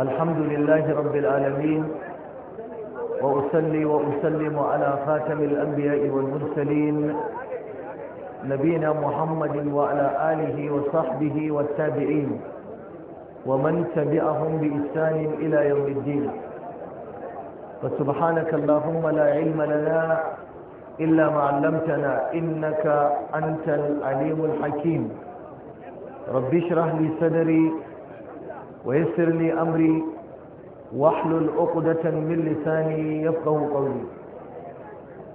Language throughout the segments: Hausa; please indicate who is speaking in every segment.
Speaker 1: الحمد لله رب العالمين وأسلي وأسلم على خاتم الأنبياء والمرسلين نبينا محمد وعلى آله وصحبه والتابعين ومن تبعهم بإحسان إلى يوم الدين فسبحانك اللهم لا علم لنا إلا ما علمتنا إنك أنت العليم الحكيم رب اشرح لي صدري ويسر لي أمري واحلل عقدة من لساني يفقه قولي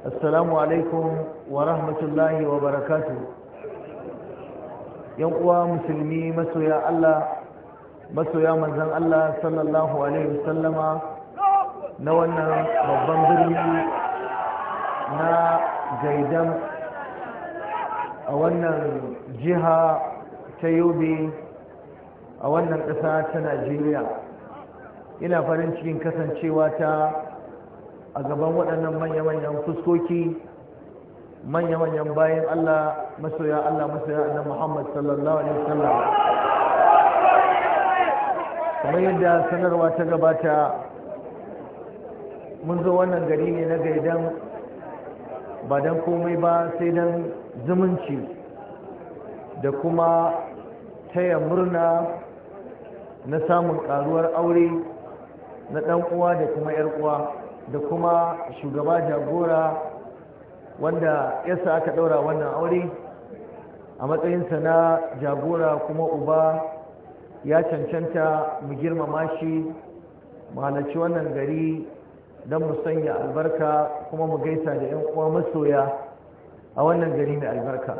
Speaker 1: السلام عليكم ورحمة الله وبركاته ينقوى مسلمي مسويا الله مسويا منزل الله صلى الله عليه وسلم نوانا ربان برمي نا جيدم أولا جهة تيوبي a wannan ƙasa ta najeriya ina farin cikin kasancewa ta a gaban waɗannan manya-manyan fuskoki manya-manyan bayan allah masoya allah masoya annan muhammad sallallahu alaihi wasallam kamar yadda sanarwa ta gabata mun zo wannan gari ne na gaidan ba don komai ba sai don zumunci da kuma taya murna na samun karuwar aure na dan uwa da kuma yar uwa da kuma shugaba jagora wanda yasa aka daura wannan aure a matsayinsa na jagora kuma uba ya cancanta mu girmama shi mu halarci wannan gari don mu sanya albarka kuma mu gaisa da 'yan uwa masoya a wannan gari mai albarka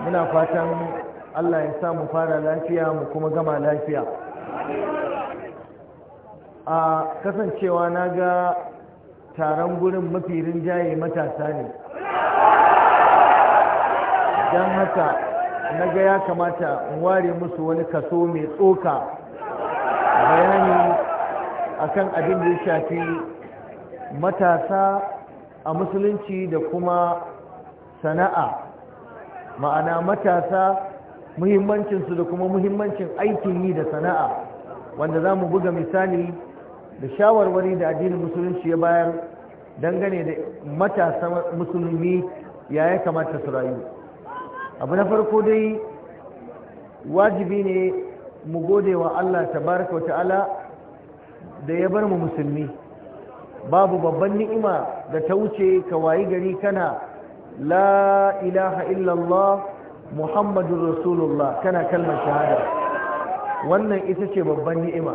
Speaker 1: muna fatan Allah ya sa mu fara lafiya mu kuma gama lafiya a kasancewa na ga taron gurin mafi rinjaye matasa ne don haka na ga ya kamata in ware musu wani kaso mai tsoka bayani akan abin da ya shafi matasa a musulunci da kuma sana'a ma'ana matasa muhimmancinsu da kuma muhimmancin aikin yi da sana'a wanda za mu buga misali da shawarwari da addinin musulunci ya bayar dangane da matasa musulmi ya ya kamata su rayu abu na farko dai wajibi ne mu gode wa Allah tabaraka wa ta'ala da ya bar mu musulmi babu babban ni'ima da ta wuce ka wayi gari kana la ilaha illallah muhammadun rasulullah kana kalmar shahada wannan ita ce babban ni'ima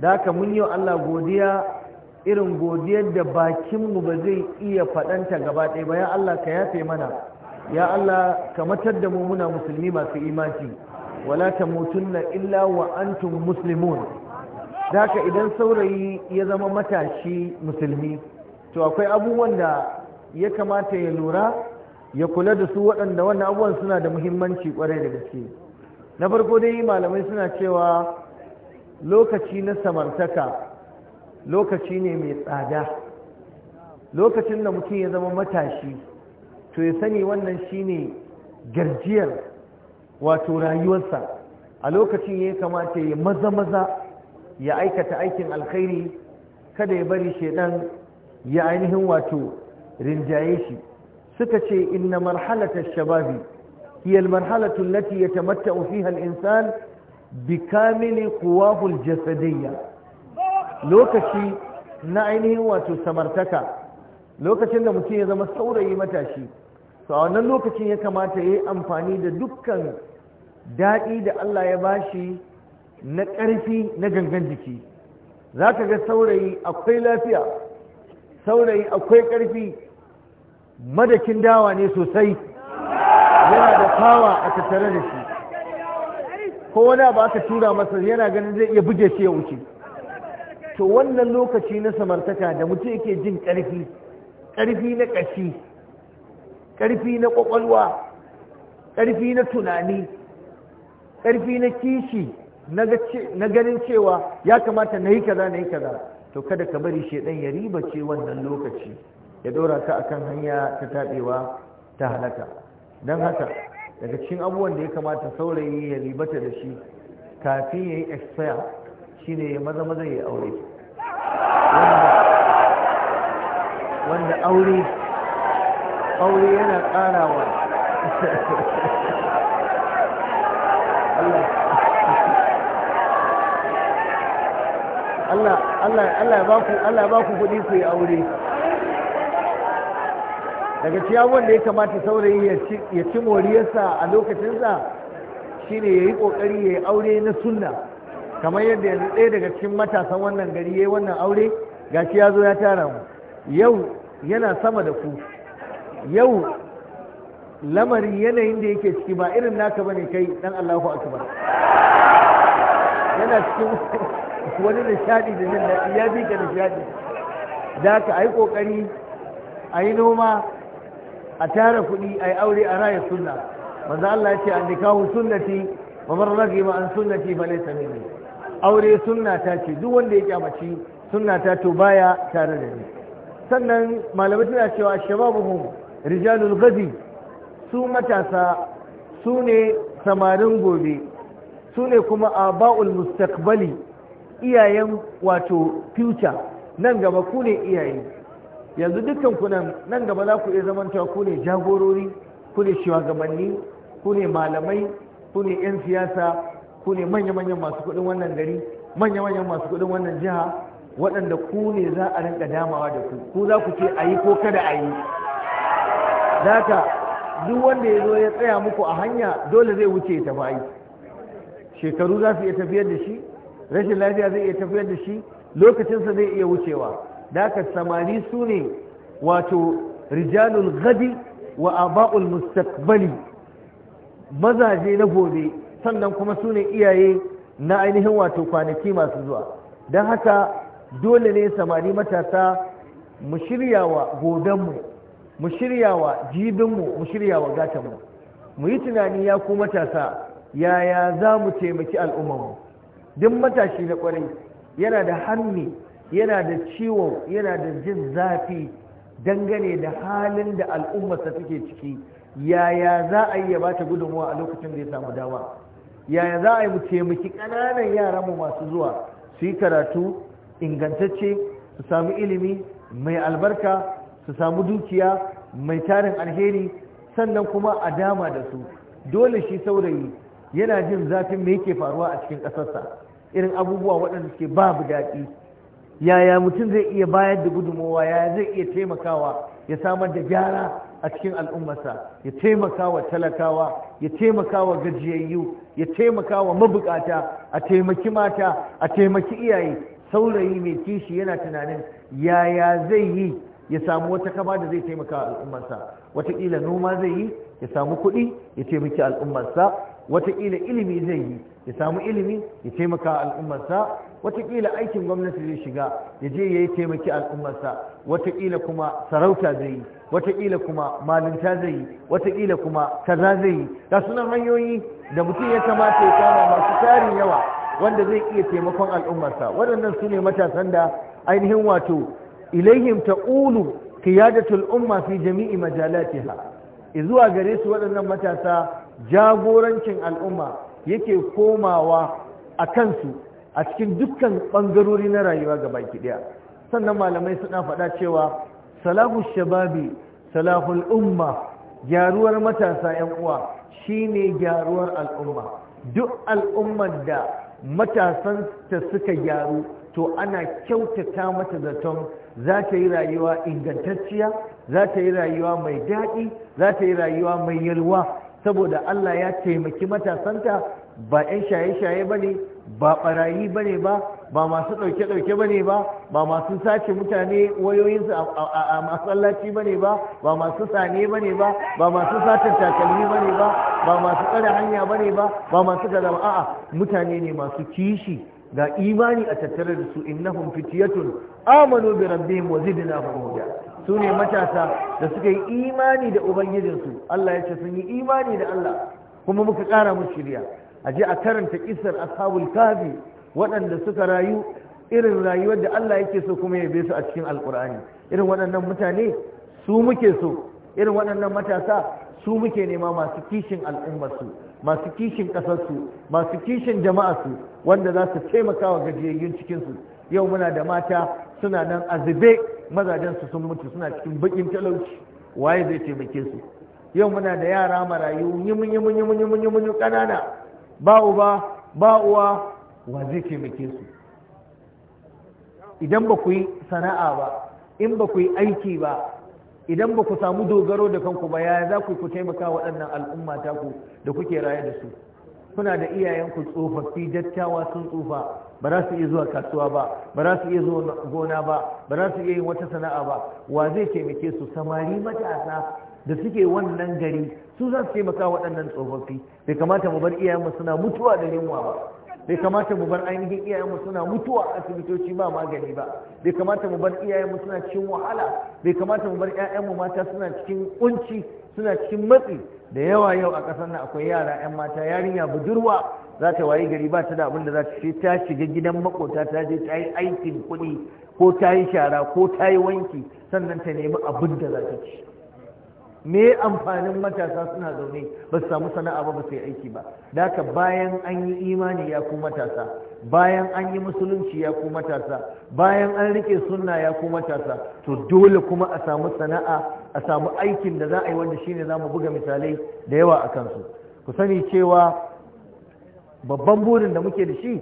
Speaker 1: da haka mun yi Allah godiya irin godiyar da bakinmu ba zai iya faɗanta gaba ɗaya ba ya Allah ka yafe mana ya Allah ka matar da mu muna musulmi masu imani wala mutunna illa wa antum muslimun da haka idan saurayi ya zama matashi musulmi to akwai abubuwan da ya kamata ya lura ya kula da su waɗanda wannan abubuwan suna da muhimmanci ƙwarai da gaske na farko dai malamai suna cewa lokaci na samartaka lokaci ne mai tsada lokacin da mutum ya zama matashi to ya sani wannan shine garjiyar wato rayuwarsa a lokacin ya kamata ya maza maza ya aikata aikin alkhairi kada ya bari shaidan ya ainihin wato rinjaye shi suka ce inna marhalata shababi hiya almarhalatu allati yatamatta'u fiha alinsan insan bikamili quwahu aljasadiyya lokaci na ainihin wato samartaka lokacin da mutum ya zama saurayi matashi to a wannan lokacin ya kamata yayi amfani da dukkan daɗi da Allah ya bashi na ƙarfi na gangan jiki zaka ga saurayi akwai lafiya saurayi akwai ƙarfi madakin dawa ne sosai yana da fawa a tattare da
Speaker 2: shi
Speaker 1: ko wani ba aka tura masa yana ganin zai iya buge shi ya wuce to wannan lokaci na samartaka da mutum yake jin ƙarfi ƙarfi na ƙashi ƙarfi na ƙwaƙwalwa ƙarfi na tunani ƙarfi na kishi na ganin cewa ya kamata na yi kaza na yi kaza to kada ka bari shi ya riba ce wannan lokaci ya dora ta akan hanya ta taɓewa ta halaka don haka daga cikin abubuwan da ya kamata saurayi ya ribata da shi kafin ya yi expire shine ya maza maza ya aure wanda aure aure
Speaker 2: yana ƙarawa
Speaker 1: Allah ya baku Allah kuɗi ku yi aure daga ciyawar da ya kamata saurayi ya ci moriyarsa a lokacinsa shine ya yi ƙoƙari ya yi aure na sunna kamar yadda yanzu ɗaya daga cikin matasan wannan gari ya yi wannan aure ga shi ya zo ya tara mu yau yana sama da ku yau lamarin yanayin da yake ciki ba irin naka bane kai dan Allahu akbar yana cikin wani nishadi da jin daɗi ya bi ka nishadi da ka yi kokari a yi noma a tara kuɗi a yi aure a raya sunna manzo Allah ya ce an nikahu sunnati wa man raghiba an sunnati fa laysa minni aure sunna ta ce duk wanda ya kyamaci sunna ta to baya tare da ni sannan malamai tana cewa shababuhum rijalul Gazi su matasa su ne samarin gobe su ne kuma aba'ul mustakbali iyayen wato future nan gaba ku ne iyaye yanzu dukkan ku nan nan gaba za ku iya zamantawa ku ne jagorori ku ne shugabanni ku ne malamai ku ne 'yan siyasa ku ne manya-manyan masu kuɗin wannan gari manya-manyan masu kuɗin wannan jiha waɗanda ku ne za a rinka damawa da ku ku za ku ce a yi ko kada a yi zaka duk wanda ya zo ya tsaya muku a hanya dole zai wuce ya tafi shekaru za su iya tafiyar da shi rashin lafiya zai iya tafiyar da shi lokacinsa zai iya wucewa da ka samari sune wato rijalul gadi wa aba'ul mustaqbali mazaje na gobe sannan kuma sune iyaye na ainihin wato kwanaki masu zuwa don haka dole ne samari matasa mu shiryawa gobenmu mu shiryawa jibinmu mu wa gatanmu mu yi tunani ya ku matasa yaya za mu taimaki al'ummarmu duk matashi na kwarai yana da hannu yana da ciwo yana da jin zafi dangane da halin da al'ummarsa take ciki yaya za a yi ya bata gudunmuwa a lokacin da ya samu dama yaya za a yi mu taimaki ƙananan yara mu masu zuwa su yi karatu ingantacce su samu ilimi mai albarka su samu dukiya mai tarin alheri sannan kuma a dama da su dole shi saurayi yana jin zafin me yake faruwa a cikin ƙasarsa irin abubuwa waɗanda suke babu daɗi yaya mutum zai iya bayar da gudunmowa yaya zai iya taimakawa ya samar da gyara a cikin al'ummarsa ya taimakawa talakawa ya taimakawa gajiyayyu ya taimakawa mabukata a taimaki mata a taimaki iyaye saurayi mai kishi yana tunanin yaya zai yi ya samu wata kama da zai taimaka al'ummarsa wataƙila noma zai yi ya samu kuɗi ya taimaki al'ummarsa watakila ilimi zai yi ya samu ilimi ya taimaka al'ummarsa watakila aikin gwamnati zai shiga ya je ya yi taimaki al'ummarsa watakila kuma sarauta zai yi watakila kuma malinta zai yi watakila kuma kaza zai yi ga sunan hanyoyi da mutum ya kamata ya kama masu tarin yawa wanda zai iya taimakon al'ummarsa waɗannan su ne matasan da ainihin wato ilaihim ta'ulu qiyadatul umma fi jami'i majalatiha zuwa gare su waɗannan matasa jagorancin al'umma yake komawa a kansu a cikin dukkan ɓangarori na rayuwa gaba ɗaya sannan malamai suna faɗa cewa Salahun shababi salahun umma gyaruwar matasa 'yan uwa shine gyaruwar al'umma duk al'ummar da matasan ta suka gyaru to ana kyautata mata zaton za ta yi rayuwa ingantacciya za ta yi rayuwa mai daɗi za ta yi rayuwa mai yalwa saboda Allah ya taimaki matasanta ba 'yan shaye-shaye ba ne ba ɓarayi ba ne ba ba masu ɗauke-ɗauke ba ne ba ba masu sace mutane wayoyinsu a masallaci ba ne ba ba masu sane ba ne ba ba masu satar takalmi ba ne ba ba masu tsare hanya ba ne ba ba masu gada ba a'a mutane ne masu kishi ga imani a tattare da su innahum fitiyatun amanu bi rabbihim wa zidnahum huda su ne matasa da suka yi imani da ubangijinsu Allah ya ce sun yi imani da Allah kuma muka kara mu shirya a je a karanta kisar ashabul kafi waɗanda suka rayu irin rayuwar da Allah yake so kuma ya su a cikin alkur'ani irin waɗannan mutane su muke so irin waɗannan matasa su muke nema masu kishin al'ummarsu masu kishin ƙasarsu masu kishin jama'arsu wanda za su taimaka wa gajiyayyen cikinsu yau muna da mata suna nan azube mazajen su sun mutu suna cikin bakin talauci waye zai taimake su yau muna da yara marayu yimin yimin kanana ba uba ba uwa wa zai taimake su idan ba ku yi sana'a ba in ba ku yi aiki ba idan ba ku samu dogaro da kanku ba yaya za ku ku taimaka waɗannan al'umma ku da kuke raye da su kuna da iyayenku tsofaffi dattawa sun tsufa ba za su iya zuwa kasuwa ba ba za su iya zuwa gona ba ba za su iya yin wata sana'a ba wa zai taimake su samari matasa da suke wannan gari su za su taimaka waɗannan tsofaffi bai kamata mu bar iyayenmu suna mutuwa da yunwa ba bai kamata mu bar ainihin iyayenmu suna mutuwa a asibitoci ba magani ba bai kamata mu bar iyayenmu suna cikin wahala bai kamata mu bar ƴaƴanmu mata suna cikin kunci suna cikin matsi da yawa yau a ƙasar nan akwai yara 'yan mata yarinya budurwa za ta wayi gari ba ta da abin da za ta ce ta shiga gidan makota ta je ta yi aikin kuɗi ko ta yi shara ko ta yi wanki sannan ta nemi abin da za ta ci me amfanin matasa suna zaune ba su samu sana'a ba ba su yi aiki ba daka bayan an yi imani ya ku matasa bayan an yi musulunci ya ku matasa bayan an rike sunna ya ku matasa to dole kuma a samu sana'a a samu aikin da za a yi wanda shine za mu buga misalai da yawa a kansu ku sani cewa babban burin da muke da shi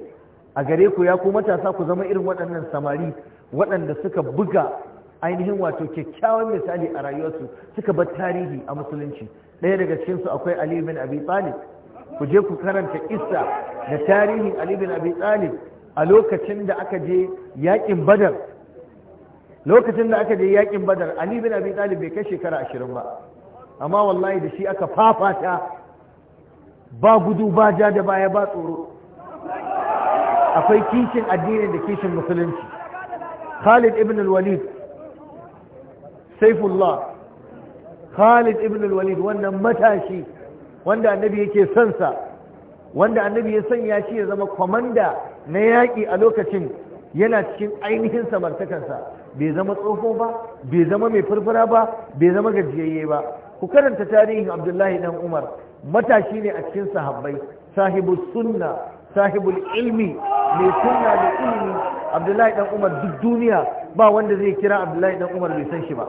Speaker 1: a gare ku ya ku matasa ku zama irin waɗannan samari waɗanda suka buga ainihin wato kyakkyawan misali a rayuwarsu suka bar tarihi a musulunci ɗaya daga cikinsu akwai ali bin abi talib ku je ku karanta kissa da tarihin ali bin abi talib a lokacin da aka je yaƙin badar lokacin da aka je yakin badar ali bin abi talib bai kai shekara ashirin ba amma wallahi da shi aka fafata ba gudu ba ja da baya ba tsoro akwai kishin addinin da kishin musulunci khalid ibn al-walid saifullah khalid ibn al-walid wannan matashi wanda annabi yake son sa wanda annabi ya sanya shi ya zama kwamanda na yaƙi a lokacin yana cikin ainihin samartakansa bai zama tsofo ba bai zama mai furfura ba bai zama gajiyayye ba ku karanta tarihin abdullahi dan umar matashi ne a cikin sahabbai sahibu sunna sahibu ilmi mai sunna da ilimi abdullahi dan umar duk duniya ba wanda zai kira abdullahi dan umar bai san shi ba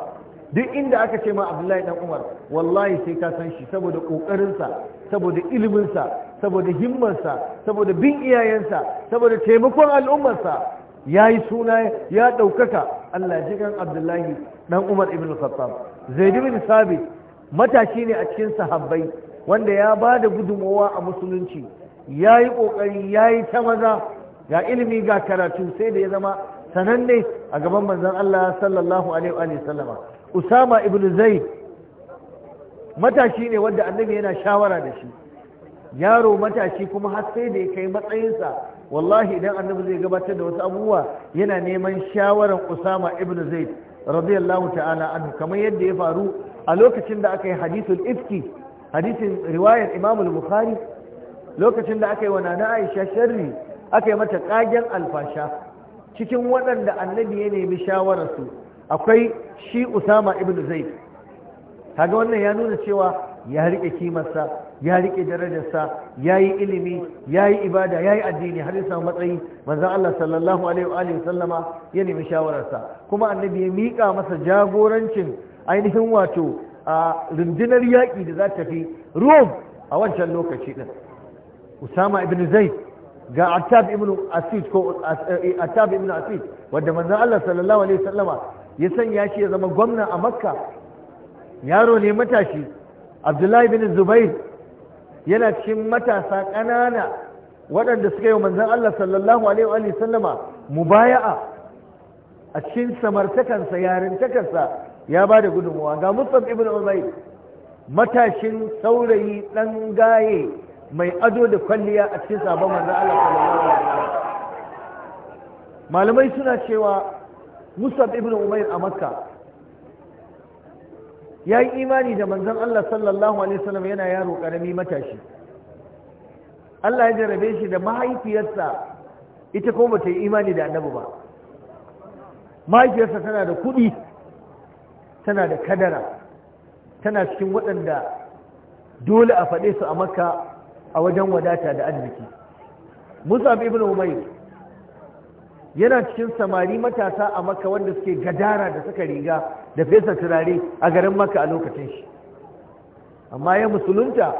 Speaker 1: duk inda aka ce ma abdullahi dan umar wallahi sai ka san shi saboda kokarinsa saboda iliminsa saboda himmarsa saboda bin iyayensa saboda taimakon al'ummarsa ya yi suna ya ɗaukaka allah jikan abdullahi dan umar ibn khattab zaid ibn sabit matashi ne a cikin sahabbai wanda ya ba da gudunmawa a musulunci ya yi ƙoƙari ya yi ta maza ga ilimi ga karatu sai da ya zama sananne a gaban manzan Allah sallallahu alaihi wa sallama Usama ibn Zaid matashi ne wanda annabi yana shawara da shi yaro matashi kuma har sai da ya kai matsayinsa wallahi idan annabi zai gabatar da wasu abubuwa yana neman shawaran Usama ibn Zaid radiyallahu ta'ala anhu kamar yadda ya faru a lokacin da aka yi hadithul ifki hadisin riwayar Imamul al-Bukhari lokacin da aka yi wa nana Aisha sharri aka yi mata kagen alfasha cikin waɗanda annabi ya nemi shawararsu akwai shi Usama ibn Zaid kaga wannan ya nuna cewa ya rike kimarsa ya rike darajarsa ya yi ilimi ya yi ibada ya yi addini har yasa matsayi manzan Allah sallallahu alaihi wa sallama ya nemi shawararsa kuma annabi ya miƙa masa jagorancin ainihin wato a rundunar yaƙi da za ta fi rome a wancan lokaci ɗin usama ibn zaid ga attab ibn asid ko eh, attab ibn asid wanda manzon Allah sallallahu alaihi wasallama ya sanya shi ya zama gwamna a makka yaro ne matashi abdullahi bin zubair yana cikin matasa ƙanana waɗanda suka yi wa manzon Allah sallallahu alaihi wasallama mubaya'a a cikin samartakansa yarintakansa ya ba da gudunmuwa ga musab ibn umar matashin saurayi ɗan gaye mai ado da kwalliya a cikin sabon manzo Allah malamai suna cewa musab ibn umair a makka ya yi imani da manzon Allah sallallahu alaihi wasallam yana yaro karami matashi Allah ya jarabe shi da mahaifiyarsa ita kuma bata yi imani da annabi ba mahaifiyarsa tana da kuɗi tana da kadara tana cikin waɗanda dole a faɗe su a maka a wajen wadata da arziki musa ibn umair yana cikin samari matasa a makka wanda suke gadara da suka riga da fesa turare a garin makka a lokacin shi amma ya musulunta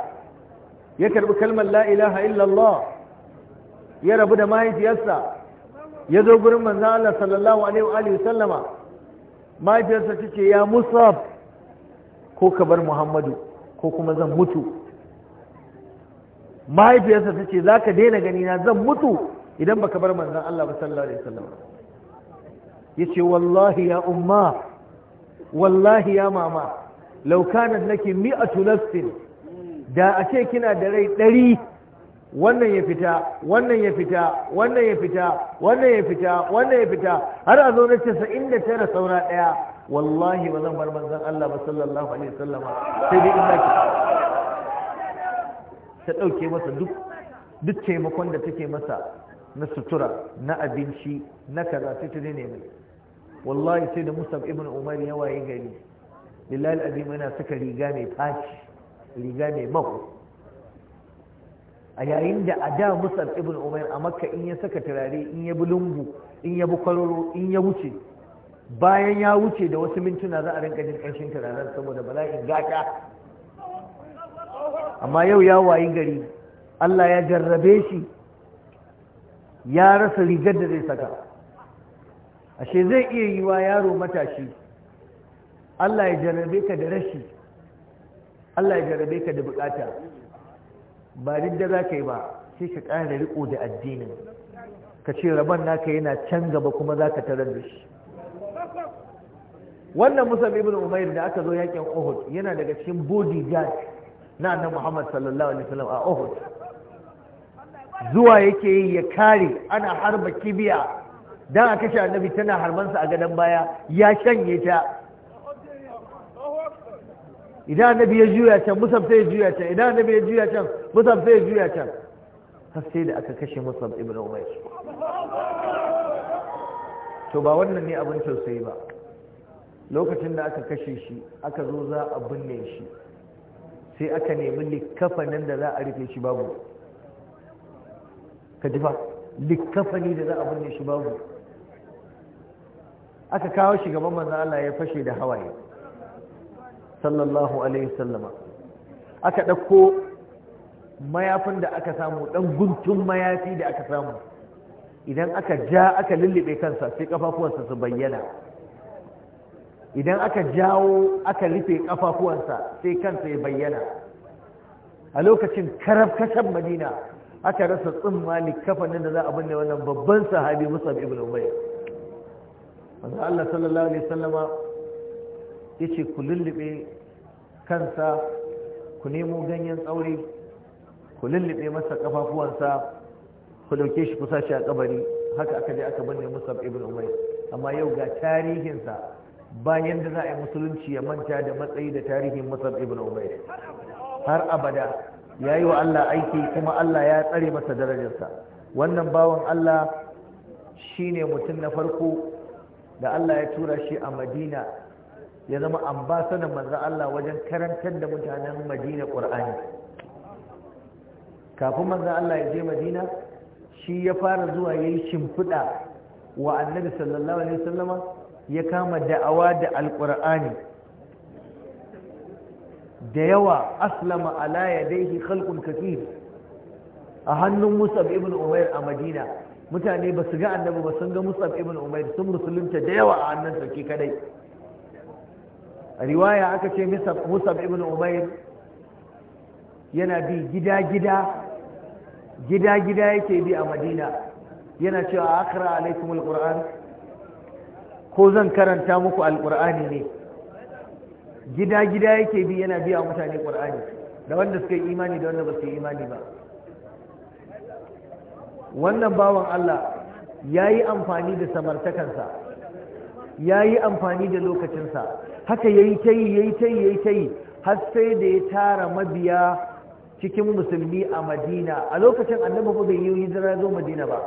Speaker 1: ya karɓi kalmar la ilaha illallah ya rabu da mahaifiyarsa ya zo gurin manzan Allah sallallahu alaihi wa sallama mahaifiyarsa ta ce ya musab ko ka bar muhammadu ko kuma zan mutu mahaifiyarsa ta ce za ka daina gani na zan mutu idan ba ka bar manzan Allah ba sallallahu alaihi wasallam ya ce wallahi ya umma wallahi ya mama laukanan nake mi'atu tulastin. da a ce kina da rai ɗari wannan ya fita wannan ya fita wannan ya fita wannan ya fita wannan ya fita har a zo na casa'in da tara saura ɗaya wallahi ba zan bar manzan Allah ba sallallahu alaihi wasallama sai dai in ki ta ɗauke masa duk duk taimakon da take masa na sutura na abinci na kaza sai ta mai wallahi sai da Musab ibn Umar ya waye gari lillahi alazim yana saka riga mai tashi riga mai mako a yayin da a da musar ibn umar a makka in ya saka turare in ya bi lungu in ya bi kwaroro in ya wuce bayan ya wuce da wasu mintuna za a rinka jin ƙarshen turaren saboda bala'in gata
Speaker 2: amma yau ya wayi
Speaker 1: gari Allah ya jarrabe shi ya rasa rigar da zai saka ashe zai iya yi wa yaro matashi Allah ya jarrabe ka da rashi Allah ya jarrabe ka da bukata ba didda za ka yi ba sai ka ƙara riko da addinin ka ce rabon naka yana can gaba kuma za ka tarar da shi wannan musamman ibn umair da aka zo yakin ohud yana daga cikin bodyguard na annabi muhammad sallallahu alaihi wasallam a ohud zuwa yake yi ya kare ana harba kibiya dan a kashe annabi tana harbansa a gadon baya ya shanye ta idan annabi ya juya can Musamman sai ya juya can idan annabi ya juya can mutum sai juya can har sai da aka kashe musab ibn Umar. to ba wannan ne abin tausayi ba lokacin da aka kashe shi aka zo za a binne shi sai aka nemi likafanin da za a rufe shi babu ka ji ba likafani da za a binne shi babu aka kawo shi gaban manzo Allah ya fashe da hawaye sallallahu alaihi sallama aka ɗauko mayafin da aka samu dan guntun mayafi da aka samu idan aka ja aka lullube kansa sai kafafuwansa su bayyana idan aka jawo aka rufe kafafuwansa sai kansa ya bayyana a lokacin karab madina aka rasa tsumma kafanin da za a binne wannan babban sahabi musab ibn umayr manzo Allah sallallahu alaihi wasallama yace ku lullube kansa ku nemo ganyen tsauri. ku lullube masa kafafuwansa ku dauke shi kusa shi a kabari haka aka je aka binne musab ibn umayr amma yau ga tarihinsa bayan da za a yi musulunci ya manta da matsayi da tarihin Musa ibn umayr har abada ya yi wa Allah aiki kuma Allah ya tsare masa darajarsa wannan bawan Allah shine mutum na farko da Allah ya tura shi a Madina ya zama ambasadan manzan Allah wajen karantar da mutanen Madina Qur'ani kafin manzan Allah ya je madina shi ya fara zuwa ya yi shimfiɗa wa annabi sallallahu alaihi wasallama ya kama da'awa da alƙur'ani da yawa aslama ala yadaihi khalqun kathir a hannun musab ibn umair a madina mutane ba su ga annabi ba sun ga musab ibn umair sun musulunta da yawa a hannun sarki kadai riwaya aka ce musab ibn umair yana bi gida-gida gida-gida yake bi a madina yana cewa akara alaikum alƙur'an ko zan karanta muku alƙur'ani ne gida-gida yake bi yana biya mutane ƙur'ani da wanda suka yi imani da wanda ba su yi imani ba wannan bawan Allah ya yi amfani da samartakansa ya yi amfani da lokacinsa haka ya yi ta yi ya yi ta yi ya yi ta yi har sai da ya tara mabiya cikin musulmi a madina a lokacin annabi ba bai yi hijira zo madina ba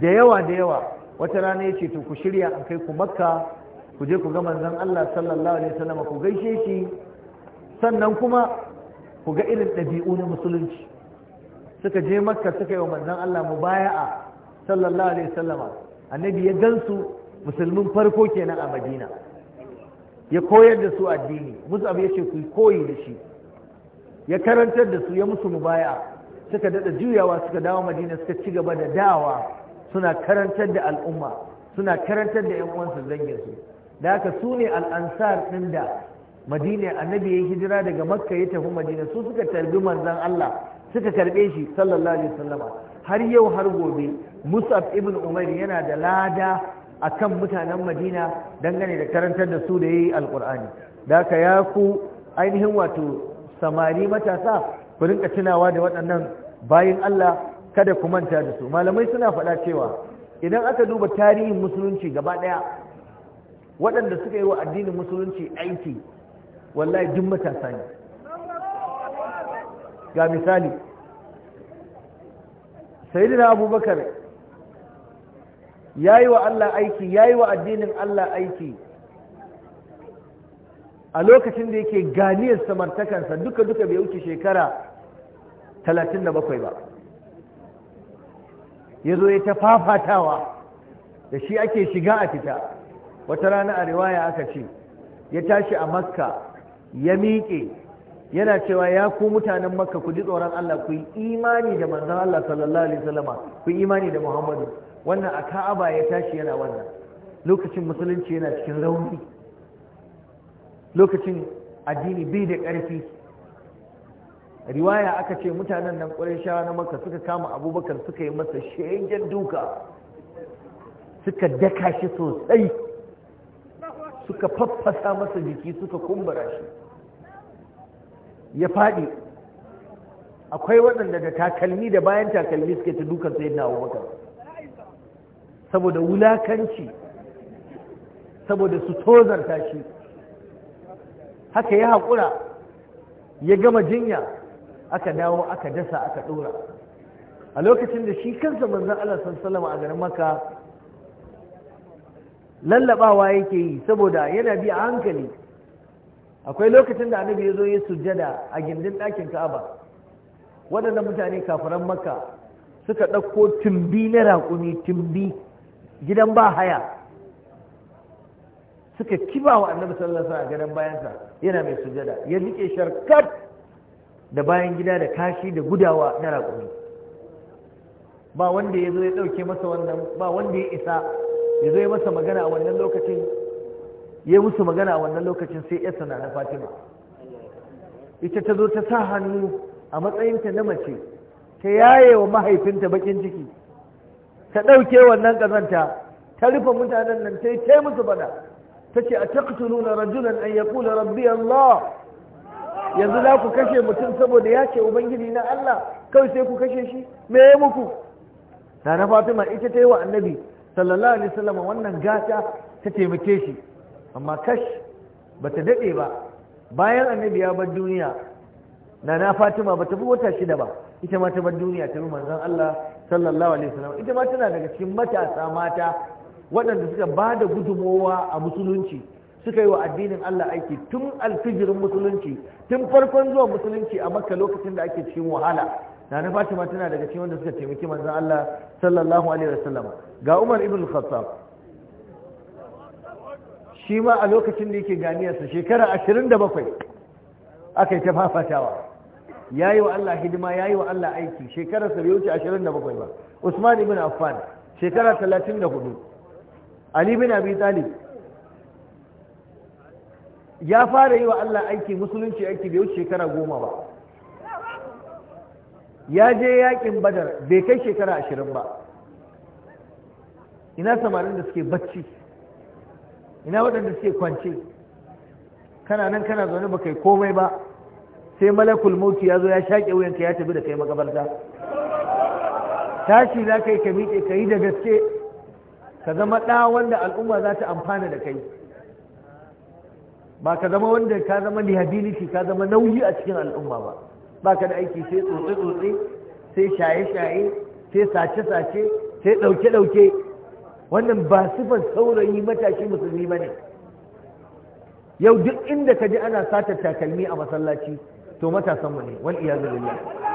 Speaker 1: da yawa da yawa wata rana ya ce to ku shirya an kai ku makka ku je ku ga manzon Allah sallallahu alaihi wasallam ku gaishe shi sannan kuma ku ga irin ɗabi'u na musulunci suka je makka suka yi wa manzon Allah mubaya'a sallallahu alaihi wasallama annabi ya gansu musulmin farko kenan a madina ya koyar da su addini musu abu ya ce ku koyi da shi ya karantar da su ya musu mubaya suka dada juyawa suka dawo madina suka ci gaba da dawa suna karantar da al'umma suna karantar da yan uwansu su da haka su ne al'ansar ɗin da madina annabi ya hijira daga makka ya tafi madina su suka tarbi manzon allah suka karbe shi sallallahu alaihi wasallama har yau har gobe musab ibn umar yana da lada akan mutanen madina dangane da karantar da su da yayi alqur'ani da haka ya ku ainihin wato samari matasa ku rinka tunawa da waɗannan bayin Allah kada ku manta da su malamai suna faɗa cewa idan aka duba tarihin musulunci gaba ɗaya waɗanda suka yi wa addinin musulunci aiki wallahi duk matasa ne ga misali sayyidina abubakar ya yi wa Allah aiki ya yi wa addinin Allah aiki a lokacin da yake ganiyar samartakansa duka duka bai wuce shekara 37 ba ya zo ya ta fafatawa da shi ake shiga a fita wata rana a riwaya aka ce ya tashi a makka ya miƙe yana cewa ya ku mutanen makka ku ji tsoron Allah ku yi imani da manzan Allah sallallahu alaihi wasallama ku yi imani da Muhammadu wannan a Ka'aba ya tashi yana wannan lokacin musulunci yana cikin rauni lokacin addini bai da ƙarfi riwaya aka ce mutanen nan ƙwarishawa na maka suka kama abubakar suka yi masa shegen duka suka daka shi sosai suka faffasa masa jiki suka kumbura shi ya faɗi akwai waɗanda da takalmi da bayan takalmi suke ta dukan sai na abubakar saboda wulakanci saboda su tozarta shi haka ya haƙura ya gama jinya aka dawo aka dasa aka ɗora a lokacin da shi kansa manzan Allah sallama a garin maka lallabawa yake yi saboda yana bi a hankali akwai lokacin da annabi ya zo ya sujjada a gindin ɗakin ka'aba waɗannan mutane kafiran maka suka ɗauko tumbi na raƙumi tumbi gidan ba haya suka kiba wa annabi sallallahu alaihi wasallam a gadon bayansa yana mai sujada ya rike sharkat da bayan gida da kashi da gudawa na raƙumi ba wanda ya zo ya ɗauke masa wannan ba wanda ya isa ya zo ya masa magana a wannan lokacin ya musu magana a wannan lokacin sai ya sana na fatima ita ta zo ta sa hannu a matsayinta na mace ta yaye wa mahaifinta bakin ciki ta ɗauke wannan kazanta, ta rufe mutanen nan ta yi musu bada tace ataqtuluna rajulan an yaqula rabbi Allah yanzu za ku kashe mutum saboda ya ce ubangiji na Allah kawai sai ku kashe shi me ya muku tare Fatima ita ta yi wa annabi sallallahu alaihi wasallam wannan gata ta taimake shi amma kash bata dade ba bayan annabi ya bar duniya nana Fatima bata bi wata shida ba ita ma ta bar duniya ta bi manzon Allah sallallahu alaihi wasallam ita ma tana daga cikin matasa mata waɗanda suka ba da gudunmowa a musulunci suka yi wa addinin Allah aiki tun alfijirin musulunci tun farkon zuwa musulunci a makka lokacin da ake cikin wahala na na fatima tana daga cikin wanda suka taimaki manzon Allah sallallahu alaihi wasallam ga Umar ibn Khattab shi ma a lokacin da yake ganiyarsa shekara 27 aka yi ta fafatawa yayi wa Allah hidima yayi wa Allah aiki shekarar sa bai wuce 27 ba Usman ibn Affan shekara 34 ali bin abi talib ya fara yi wa Allah aiki musulunci aiki bai wuce shekara goma ba ya je yakin badar bai kai shekara ashirin ba ina samarin da suke bacci ina waɗanda suke kwance kana nan kana zaune ba kai komai ba sai malakul mauti ya zo ya shaƙe wuyanka ya tafi da kai makabarta tashi za ka yi ka miƙe ka yi da gaske ka zama ɗa wanda al'umma za ta amfana da kai ba ka zama wanda ka zama liability ka zama nauyi a cikin al'umma ba ba ka da aiki sai tsotse-tsotse sai shaye-shaye sai sace-sace sai ɗauke-ɗauke wannan ba sifar saurayi matashi musulmi ba ne yau duk inda ka ji ana sata takalmi a masallaci to matasanmu ne wal iyazu billah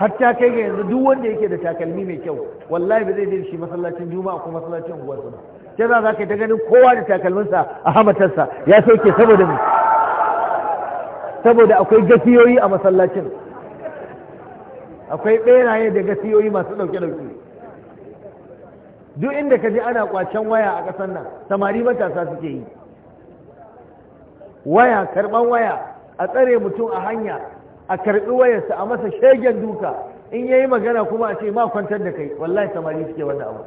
Speaker 1: hatta kai ga yanzu duk wanda yake da takalmi mai kyau wallahi ba zai je shi masallacin juma'a ko masallacin unguwarsa ba sai za ka ta ganin kowa da takalminsa a hamatarsa ya sauke saboda mu saboda akwai gasiyoyi a masallacin akwai beraye da gasiyoyi masu dauke-dauke duk inda ka ji ana kwacen waya a ƙasar nan samari matasa suke yi waya karban waya a tsare mutum a hanya a karɓi wayarsa a masa shegen duka in yayi magana kuma a ce ma kwantar da kai wallahi samari suke wannan abu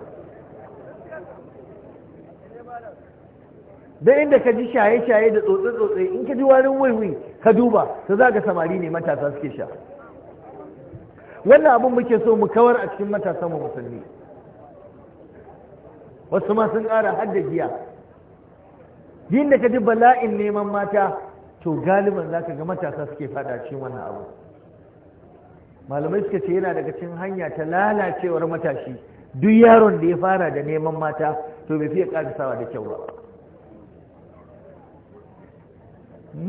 Speaker 1: da inda ka ji shaye-shaye da tsotse-tsotse in ka ji warin wuri-wuri, ka duba ta za ga samari ne matasa suke sha wannan abin muke so mu kawar a cikin matasan mu musulmi wasu ma sun ƙara hadda giya yin da ka ji bala'in neman mata to galiban za ka ga matasa suke fada cikin wannan abu malamai suka ce yana daga cikin hanya ta lalacewar matashi duk yaron da ya fara da neman mata to bai fiye karisawa da kyau ba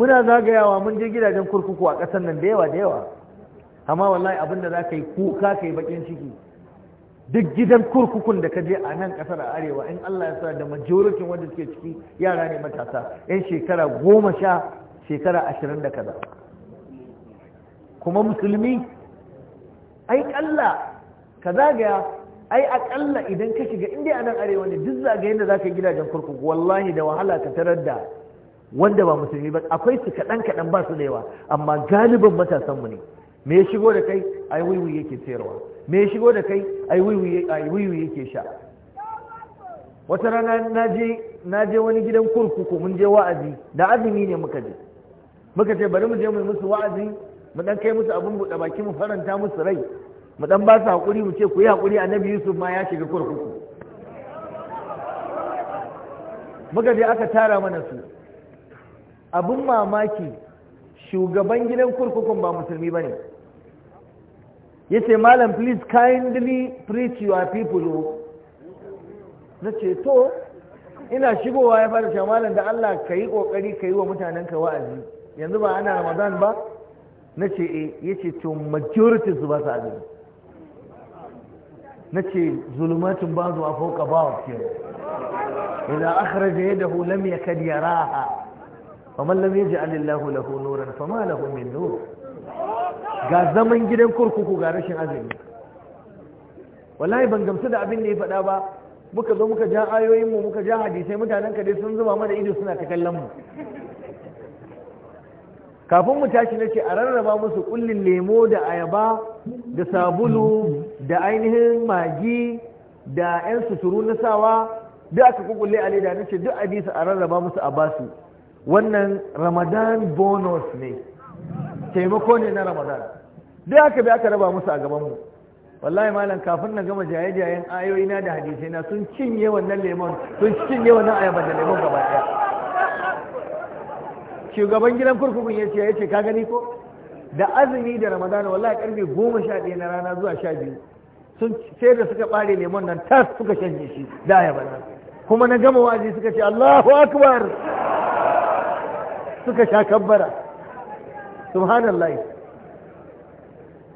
Speaker 1: muna zagayawa mun je gidajen kurkuku a ƙasar nan da yawa da yawa amma wallahi abin da za ka yi kuka ka yi bakin ciki duk gidan kurkukun da ka je a nan ƙasar a arewa in allah ya sa da majoritin wanda suke ciki yara ne matasa yan shekara goma sha shekara ashirin da kaza kuma musulmi ai kalla ka zagaya ai akalla idan ka shiga indiya nan arewa ne duk zagayen da za ka yi gidajen kurkuku wallahi da wahala ka tarar da wanda ba musulmi ba akwai su kaɗan kaɗan ba su da yawa amma galibin matasanmu ne me ya shigo da kai ai wiwi yake sayarwa me ya shigo da kai ai wiwi yake sha wata rana na je wani gidan kurkuku mun je wa'azi da azumi ne muka je muka ce bari mu je mu musu wa'azi mu dan kai musu abin buɗe baki mu faranta musu rai mu dan ba su haƙuri mu ce ku yi haƙuri annabi yusuf ma ya shiga kurkuku muka je aka tara mana su abin mamaki shugaban gidan kurkukun ba musulmi ba ne ya ce malam please kindly preach your people oh. na ce to ina shigowa ya fara shamalin malam da Allah ka yi ƙoƙari ka yi wa mutanen ka wa'azi yanzu ba ana ramadan ba na ce e ya ce to majority su ba su azumi na ce zulmatin ba zuwa foka ba wa ce idan akhraja yadahu lam yakad yaraha wa man lam yaj'al Allahu lahu nuran fama lahu min nur
Speaker 2: ga zaman gidan kurkuku
Speaker 1: ga rashin azumi wallahi ban gamsu da abin da ya faɗa ba muka zo muka ja ayoyin mu muka ja hadisai mutanen ka dai sun zuba mana ido suna ta kallon mu kafin mu tashi nace a rarraba musu kullin lemo da ayaba da sabulu da ainihin magi da 'yan suturu na sawa duk aka kukulle a leda nace duk a bisa a rarraba musu a basu wannan ramadan bonus ne taimako ne na ramadan duk aka bi aka raba musu a gaban mu. wallahi malam kafin na gama jaye-jayen ayoyina da hadisai na sun cinye wannan lemon sun cinye wannan ayaba da lemon gaba ɗaya shugaban gidan kurkukun ya ce ya ce ka gani ko da azumi da ramadana wallahi karfe goma sha ɗaya na rana zuwa sha biyu sun ce da suka ɓare lemon nan tas suka shanye shi da ya bana kuma na gama waje suka ce Allahu akbar suka sha kabbara Subhanallah,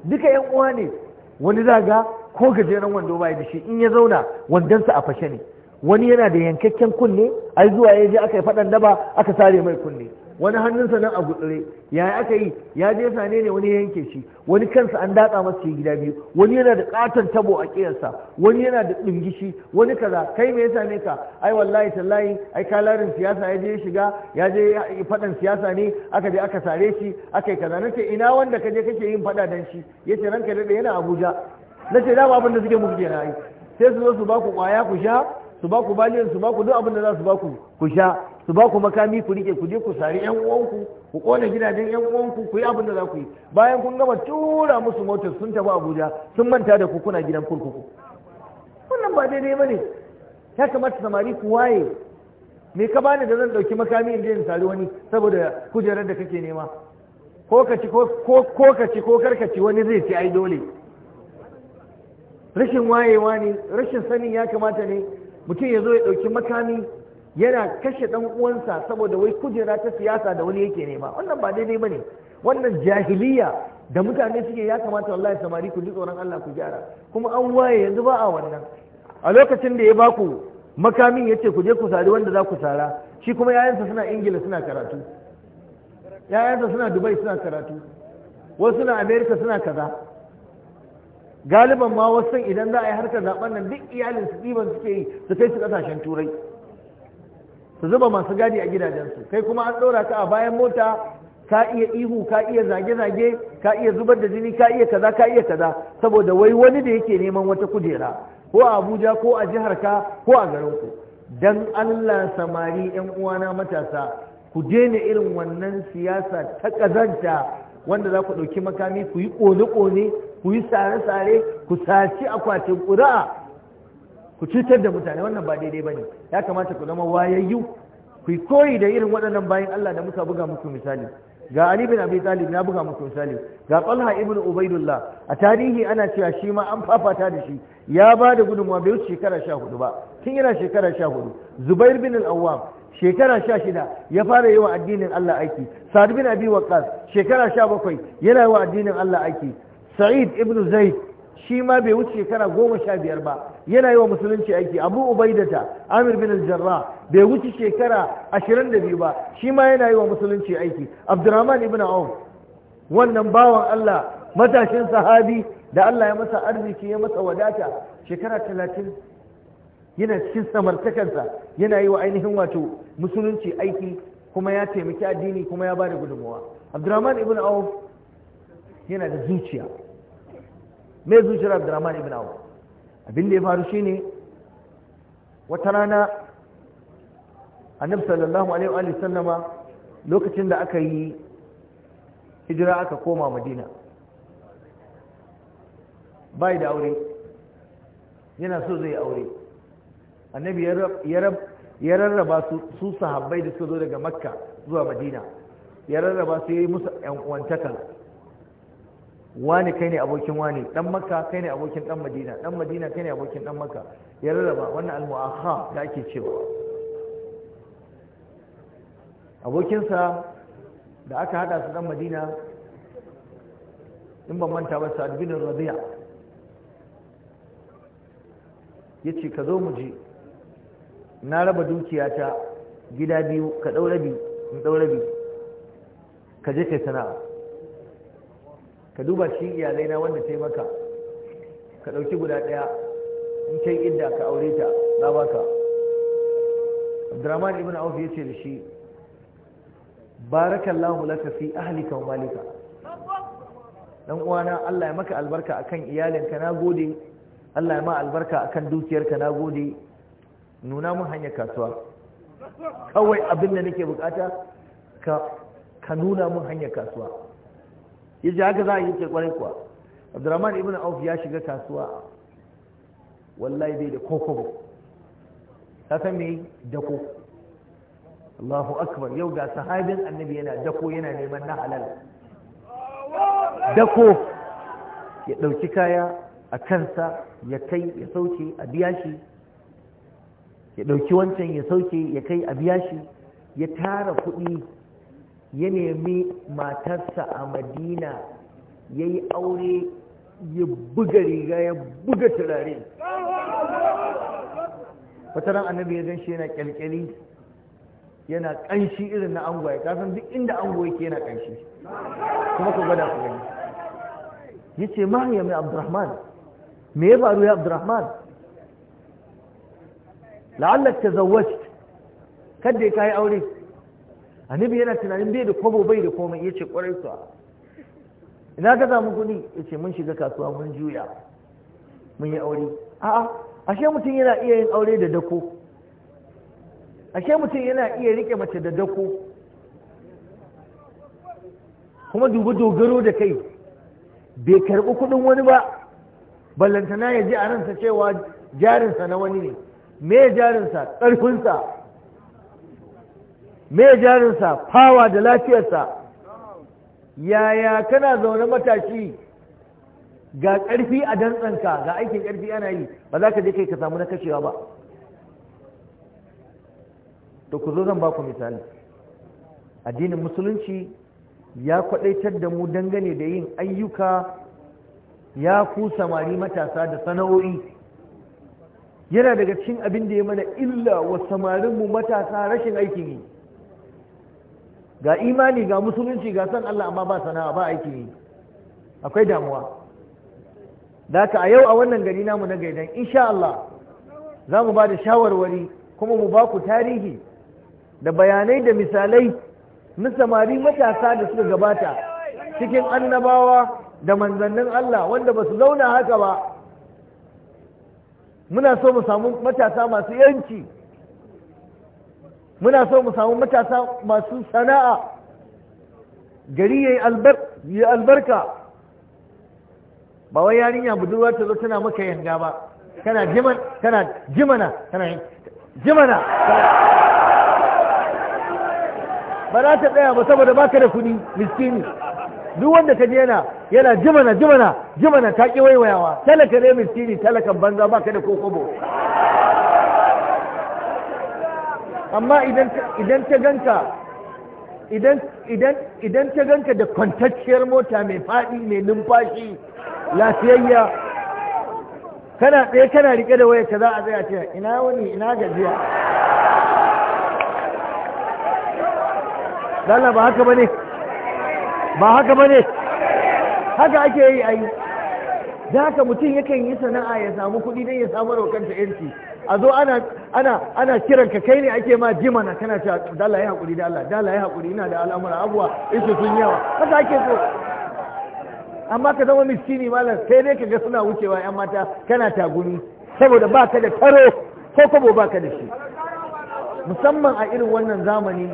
Speaker 1: duka yan uwa ne wani zaga ko gajeren wando bai da shi in ya zauna wandonsa a fashe ne wani yana da yankakken kunne ai zuwa ya je aka yi faɗan daba aka sare mai kunne wani hannunsa nan a gutsure ya aka yi ya je sane ne wani yanke shi wani kansa an datsa masa ya gida biyu wani yana da katon tabo a kiyarsa wani yana da dingishi wani kaza kai me ya same ka ai wallahi tallahi ai kalarin siyasa ya je shiga ya je fadan siyasa ne aka je aka sare shi aka yi kaza nace ina wanda ka je kake yin fada dan shi yace ranka dade yana Abuja nace da abin da suke muku kenan sai su zo su ba ku kwaya ku sha su ba ku baliyar su ba duk abin da za su ba ku sha su baku ku makami ku rike ku je ku sari yan uwanku ku kona gidajen yan uwanku ku yi abin da za ku yi bayan kun gama tura musu motar sun tafi Abuja sun manta da ku kuna gidan kurkuku wannan ba daidai ba ne. ya kamata samari ku waye me ka bani da zan dauki makami in je in sari wani saboda kujerar da kake nema ko ka ci ko ka ci ko karka wani zai ci ai dole rashin wayewa ne rashin sanin ya kamata ne mutum ya zo ya ɗauki makami yana kashe ɗan uwansa saboda wai kujera ta siyasa da wani yake nema wannan ba daidai ba ne wannan jahiliya da mutane suke ya kamata wallahi samari ku ji tsoron Allah ku gyara kuma an waye yanzu ba a wannan a lokacin da ya baku makamin ya ce ku je ku sari wanda za ku sara shi kuma yayansa suna ingila suna karatu yayansa suna dubai suna karatu wasu suna america suna kaza galiban ma wasan idan za a yi harkar zaben nan duk iyalin su ɗiban suke yi su kai su ƙasashen turai su zuba masu gadi a gidajensu kai kuma an ɗora ka a bayan mota ka iya ihu ka iya zage-zage ka iya zubar da jini ka iya kaza ka iya kaza saboda wai wani da yake neman wata kujera ko a abuja ko a jihar ka ko a garinku dan allah samari yan uwana matasa ku daina irin wannan siyasa ta kazanta wanda za ku ɗauki makami ku yi ƙone-ƙone ku yi sare-sare ku saci akwatin ƙuri'a ku cutar da mutane wannan ba daidai ba ne ya kamata ku zama wayayyu ku yi koyi da irin waɗannan bayan Allah da muka buga muku misali ga Ali bin Abi Talib na buga muku misali ga Talha ibn Ubaidullah a tarihi ana cewa shi ma an fafata da shi ya ba da gudunmawa bai shekara sha hudu ba tun yana shekara sha hudu Zubair bin Awwa awwam shekara sha shida ya fara yi wa addinin Allah aiki Sa'ad bin Abi Waqqas shekara sha bakwai yana yi wa addinin Allah aiki sa'id ibn zaid shi ma bai wuce shekara goma sha biyar ba yana yi wa musulunci aiki abu ubaidata amir bin jarra bai wuce shekara ashirin da biyu ba shi ma yana yi wa musulunci aiki abdurrahman ibn auf wannan bawan allah matashin sahabi da allah ya masa arziki ya masa wadata shekara talatin yana cikin samartakarsa yana yi wa ainihin wato musulunci aiki kuma ya taimaki addini kuma ya bada gudunmawa abdurrahman ibn auf yana da zuciya mai zuciyar abdurrahman ibn awu abin da ya faru shine wata rana annabi sallallahu alaihi wa sallama lokacin da aka yi hijira aka koma madina bai da aure yana so zai aure annabi ya rarraba su sahabbai da suka zo daga makka zuwa madina ya rarraba su ya yi musu 'yan uwantaka wani kai ne abokin wani dan makka kai ne abokin dan madina dan madina kai ne abokin dan makka ya rarraba wannan al-mu'akha da ake cewa abokinsa da aka hada su dan madina in ban manta ba sa'ad bin rabi'a yace ka zo mu je na raba dukiyata gida biyu ka daura bi in daura bi ka je kai sana'a ka duba shi iyalai na wanda taimaka maka ka ɗauki guda ɗaya in kai idda ka aure ta na baka abdurrahman ibn auf ce da shi barakallahu laka fi ahlika wa malika dan uwana Allah ya maka albarka akan iyalinka na gode Allah ya ma albarka akan dukiyarka na gode nuna mun hanyar kasuwa
Speaker 2: kawai abin da nake bukata
Speaker 1: ka ka nuna mun hanyar kasuwa ya ji haka za a yi ce kwarai kuwa abdurrahman ibn auf ya shiga kasuwa wallahi bai da kokobo ta san mai dako Allahu akbar yau ga sahabin annabi yana dako yana neman na halal dako ya ɗauki kaya a kansa ya kai ya sauke a biya shi ya ɗauki wancan ya sauke ya kai a biya shi ya tara kuɗi ya nemi matarsa a madina ya yi aure ya buga riga ya buga turare wataran annabi ya gan shi yana kyalkyali yana ƙanshi irin na angwaye kasan duk inda angwaye ke yana ƙanshi kuma ku gwada ku gani ya ce ma ya mai abdurrahman me ya faru ya abdurrahman la'allar ta zawwaj kada ya kayi aure annabi yana tunanin bai da kwabo bai da komai yace kwarai kuwa ina ka samu kuɗi yace mun shiga kasuwa mun juya mun yi aure a'a ashe mutum yana iya yin aure da dako ashe mutum yana iya rike mace da dako kuma dubi dogaro da kai bai karɓi kuɗin wani ba ballantana ya ji a ransa cewa jarinsa na wani ne me jarinsa ƙarfinsa mai jarinsa fawa da lafiyarsa yaya kana zaune matashi ga ƙarfi a dantsanka ga aikin ƙarfi ana yi ba za ka je kai ka samu na kashewa ba to ku zo zan ba ku misali addinin musulunci ya kwaɗaitar da mu dangane da yin ayyuka ya ku samari matasa da sana'o'i yana daga cikin abin da ya mana illa wa samarinmu matasa rashin aikin yi ga imani ga musulunci ga san Allah amma ba sana'a ba aiki ne akwai damuwa da haka a yau a wannan gari namu na gaidan insha Allah za mu ba da shawarwari kuma mu ba ku tarihi da bayanai da misalai na samari matasa da suka gabata cikin annabawa da manzannin Allah wanda ba su zauna haka ba muna so mu samu matasa masu yanci muna so mu samu matasa masu sana'a gari ya yi albarka ba wai yarinya budurwa ta zo tana maka yanga ba kana jiman kana jimana kana jimana ba za ta tsaya ba saboda baka da kuɗi miskini duk wanda ka je yana yana jimana jimana jimana ta ki waiwayawa talaka ne miskini talakan banza baka da kokobo amma idan ta ganka idan ta ganka da kwantacciyar mota mai faɗi mai numfashi lafiyayya kana tsaye kana rike da waya ka za a tsaya ce ina wani ina gajiya lalla ba haka bane ba haka bane haka ake yi ayi da haka mutum yakan yi sana'a ya samu kuɗi don ya samu raukanta yanci a zo ana kiran ka kai ne ake ma jimana kana ce dala ya hakuri dala, dala ya hakuri ina da al'amura abuwa isu sun yawa haka ake so amma ka zama miskini malam sai dai ga suna wucewa yan mata kana tagumi saboda ba ka da taro ko kobo ba ka da shi musamman a irin wannan zamani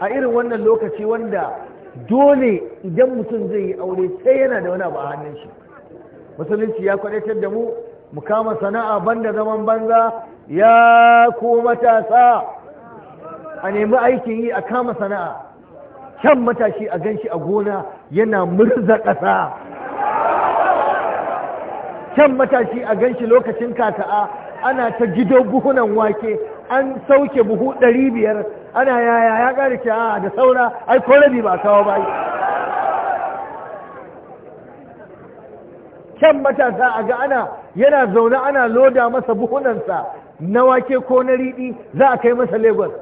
Speaker 1: a irin wannan lokaci wanda dole idan mutum zai yi aure sai yana da wani abu a hannun shi musulunci ya kwadatar da mu mu kama sana'a banda zaman banza ya ku matasa a nemi aikin yi a kama sana'a kyan matashi a ganshi a gona yana murza ƙasa kyan matashi a ganshi lokacin kata'a ana ta gido buhunan wake an sauke buhu ɗari biyar ana yaya ya ƙarfi a da saura ai ko rabi ba kawo ba kan matasa a ga ana yana zaune ana loda masa buhunansa na wake ko na riɗi za a kai masa lagos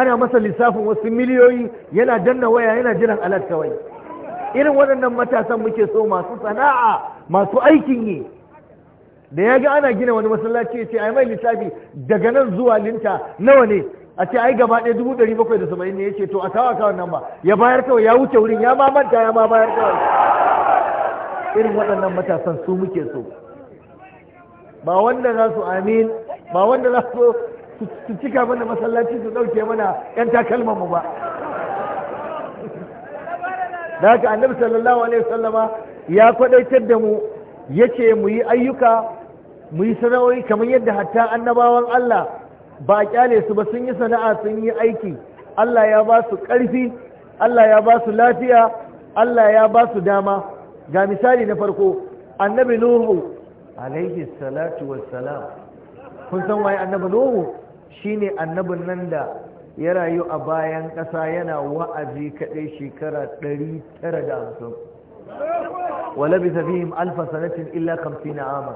Speaker 1: ana masa lissafin wasu miliyoyi yana danna waya yana jiran alat kawai irin waɗannan matasan muke so masu sana'a masu aikin yi da ya ga ana gina wani masallaci ya ce ai mai lissafi daga nan zuwa linta nawa ne a ce ai gaba ɗaya dubu ɗari bakwai da saba'in ne ya ce to a kawo akawun nan ba ya bayar kawai ya wuce wurin ya ma manta ya ma bayar kawai irin waɗannan matasan su muke so ba wanda za su amin ba wanda za su cika mana masallaci su ɗauke mana 'yan takalmanmu ba da haka annabi sallallahu alaihi wasallama ya kwadaitar da mu yace mu yi ayyuka mu yi sana'o'i kamar yadda hatta annabawan Allah ba a kyale su ba sun yi sana'a sun yi aiki Allah ya ba su ƙarfi Allah ya ba su lafiya Allah ya ba su dama ga misali na farko annabi nuhu alaihi salatu wassalam kun san waye annabi nuhu shine annabin nan da ya rayu a bayan ƙasa yana wa'azi kaɗai shekara 950 wala bi tafihim alfa sanatin illa 50 ama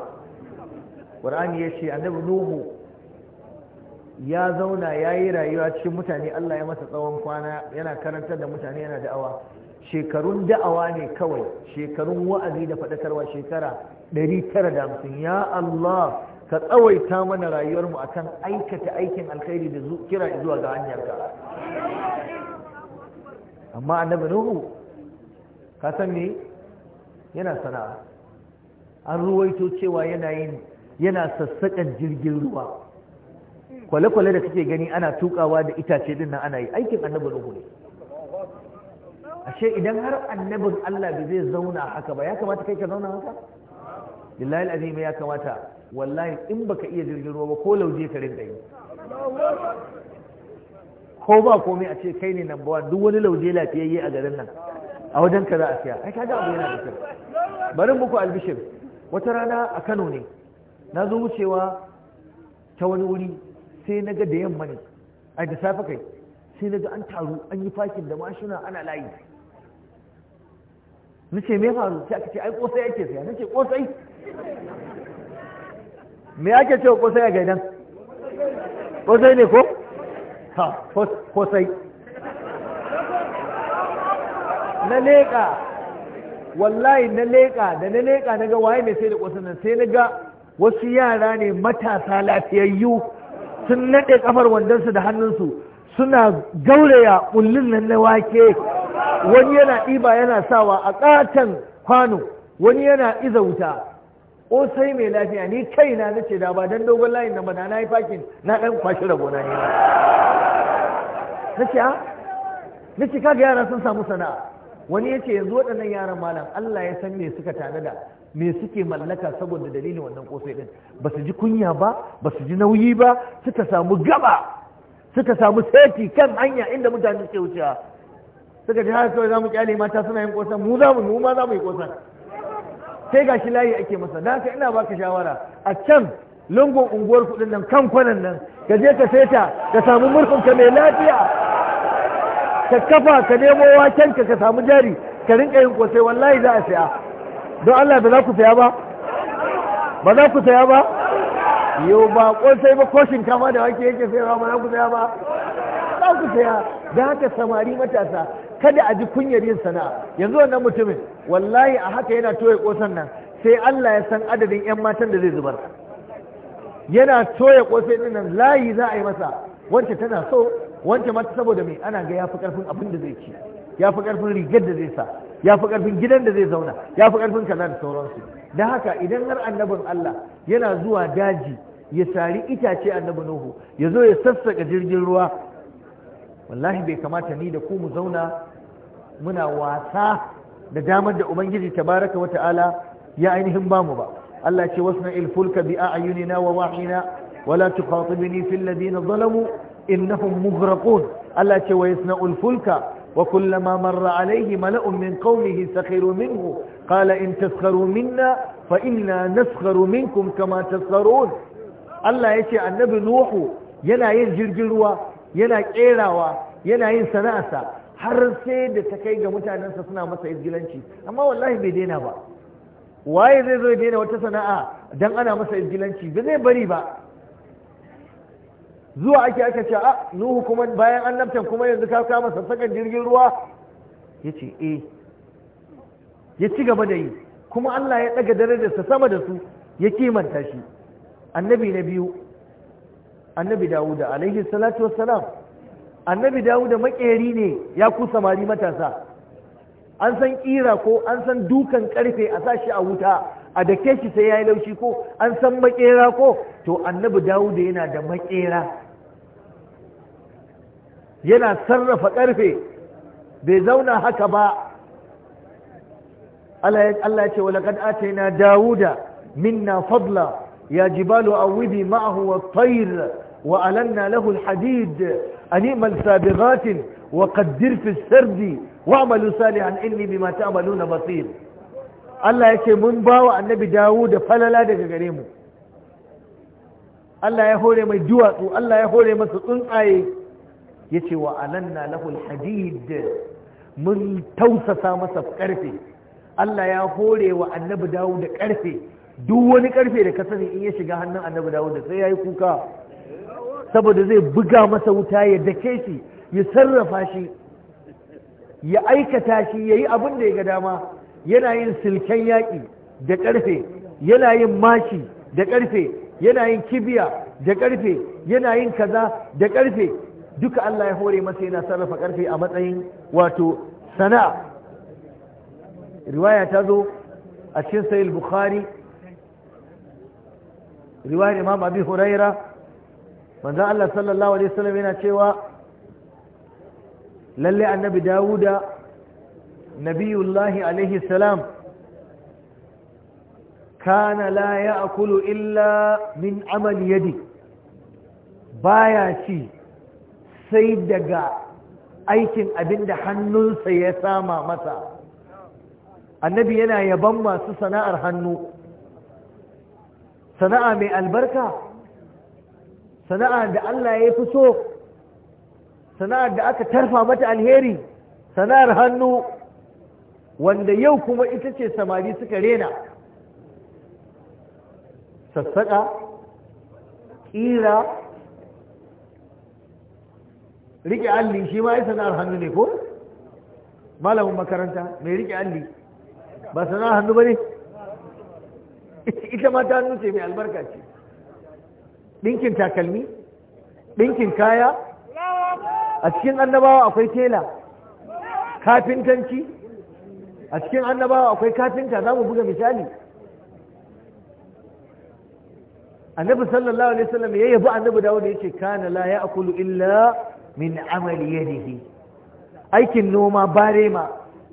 Speaker 1: qur'ani yace annabi nuhu ya zauna ya yi rayuwa cikin mutane Allah ya masa tsawon kwana yana karantar da mutane yana da'awa shekarun da'awa ne kawai shekarun wa'azi da faɗakarwa shekara 950 ya Allah ka tsawaita mana rayuwarmu akan aikata aikin alkhairi da kira zuwa ga hanyarka amma annabi nuhu ka san me yana sana'a an ruwaito cewa yana yin yana sassaƙan jirgin ruwa kwale-kwale da kake gani ana tukawa da itace dinnan ana yi aikin annabi nuhu ne ashe idan har annabin Allah bai zai zauna haka ba ya kamata kai ka zauna haka lillahi alazim ya kamata wallahi in baka iya jirgin ruwa ba ko lauje ka rinka yi ko ba komai a ce kai ne number one duk wani lauje lafiyayye a garin nan a wajen ka za a siya ai kaga abu yana da
Speaker 2: kyau bari muku
Speaker 1: albishir wata rana a Kano ne na zo wucewa ta wani wuri sai na ga da yamma ne a da safe kai sai na ga an taru an yi fakin da mashina ana layi na ce me faru sai aka ce ai kosai ake saya na ce kosai me ake ce kosai a gaidan kosai ne ko ha kosai na leƙa wallahi na leƙa da na leƙa na ga waye mai sai da kosai nan sai na ga wasu yara ne matasa lafiyayyu sun naɗe kafar wandonsu da hannunsu suna gauraya ƙullin nan na wake wani yana ɗiba yana sawa a ƙaton kwano wani yana iza wuta o sai mai lafiya ni kaina na ce da ba don dogon layin na bana na yi fakin na ɗan kwashi ragona ne na ce ha ah? kaga yara sun samu sana'a wani ya ce yanzu waɗannan yaran malam Allah ya san me suka da me suke mallaka saboda dalilin wannan kosai din ba su ji kunya ba ba su ji nauyi ba suka samu gaba suka samu seti kan hanya inda mutane suke wucewa suka ji haka kawai za mu kyale mata suna yin kosan mu za mu mu ma za mu yi kosan sai ga shi layi ake masa da haka ina baka shawara a can lungun unguwar kudin nan kan kwanan nan ka je ka saita ka samu murfin ka mai lafiya ka kafa ka nemo waken ka ka samu jari ka rinka yin kosai wallahi za a saya don Allah ba za ku saya ba ba za ku saya ba yau ba kosai ba ko shinkafa da wake yake sayarwa ba za ku saya ba za ku saya da haka samari matasa kada a ji kunyar yin sana'a yanzu wannan mutumin wallahi a haka yana toye kosan nan sai Allah ya san adadin yan matan da zai zubar yana toye ƙosai din nan layi za a yi masa wance tana so wance mata saboda me ana ga yafi karfin abin da zai ci yafi karfin rigar da zai sa yafi karfin gidan da zai zauna yafi karfin kaza da sauransu da haka idan har annabin Allah yana zuwa daji ya sari itace annabi Nuhu ya zo ya sassaka jirgin ruwa wallahi bai kamata ni da ku mu zauna muna wasa da damar da ubangiji tabaraka wa ta'ala ya ainihin bamu ba Allah ce wasna ilfulka bi a'yunina wa wahina wala tuqatibni fil ladina zalamu innahum mughraqun Allah ce wasna yasna ulfulka wa kullama marra alayhi mala'un min qawmihi sakhiru minhu qala in taskharu minna fa inna naskharu minkum kama tasakharun Allah yace annabi nuhu yana yin jirgin ruwa yana kerawa yana yin sana'arsa har sai da ta kai ga mutanensa suna masa izgilanci amma wallahi bai daina ba waye zai zo ya daina wata sana'a dan ana masa izgilanci ba zai bari ba zuwa ake aka ce a ah, nuhu kuma bayan annabtan kuma yanzu ka kama sassakan jirgin ruwa ya ce eh ya ci gaba da yi kuma Allah ya daga darajarsa sama da su ya kimanta shi annabi na biyu annabi dawuda alaihi salatu wassalam annabi dawud maƙeri makeri ne ya ku samari matasa an san kira ko an san dukan karfe a sashi a wuta a dake shi sai yayi laushi ko an san makera ko to annabi dawud yana da makera yana sarrafa karfe bai zauna haka ba Allah ya ce wa laqad atayna dawuda minna fadla ya jibalu awidi ma'ahu wat-tayr wa alanna lahu al أنيم السابغات وقدر في السرد واعملوا صالحا إني بما تعملون بصير Allah ya ce mun bawa annabi dawo da falala daga gare mu Allah ya hore mai duwatsu Allah ya hore masa tsuntsaye ya ce wa alanna lahul hadid mun tausasa masa karfe Allah ya hore wa annabi dawo da karfe duk wani karfe da ka sani in ya shiga hannun annabi dawo da sai ya yi kuka saboda zai buga masa wuta ya dake shi ya sarrafa shi ya aikata shi ya yi abin da ya ga dama yana yin silken yaƙi da ƙarfe yana yin mashi da ƙarfe yana yin kibiya da ƙarfe yana yin kaza da ƙarfe duka Allah ya hore masa yana sarrafa ƙarfe a matsayin wato sana'a riwaya ta zo a cikin sayil bukhari riwaya imam abi huraira manzon Allah sallallahu alaihi wasallam yana cewa lalle annabi Dawuda nabiyullahi alaihi salam kana la ya'kulu illa min amal yadi baya ci sai daga aikin abinda hannunsa ya sama masa annabi yana yaban masu sana'ar hannu sana'a mai albarka sana'a da Allah ya fi so sana'ar da aka tarfa mata alheri sana'ar hannu wanda yau kuma ita ce samari suka rena sassaƙa ƙira riƙe alli shi ma ya sana'ar hannu ne ko malamin makaranta mai riƙe alli ba sana'ar hannu ba ne ita ma ta hannu ce mai albarka ce ɗinkin takalmi ɗinkin kaya a cikin annabawa akwai tela kafintanci a cikin annabawa akwai kafinta za mu buga misali annabi sallallahu alaihi wasallam ya yabi annabi dawo da yake kana la akulu illa min amali yadihi aikin noma barema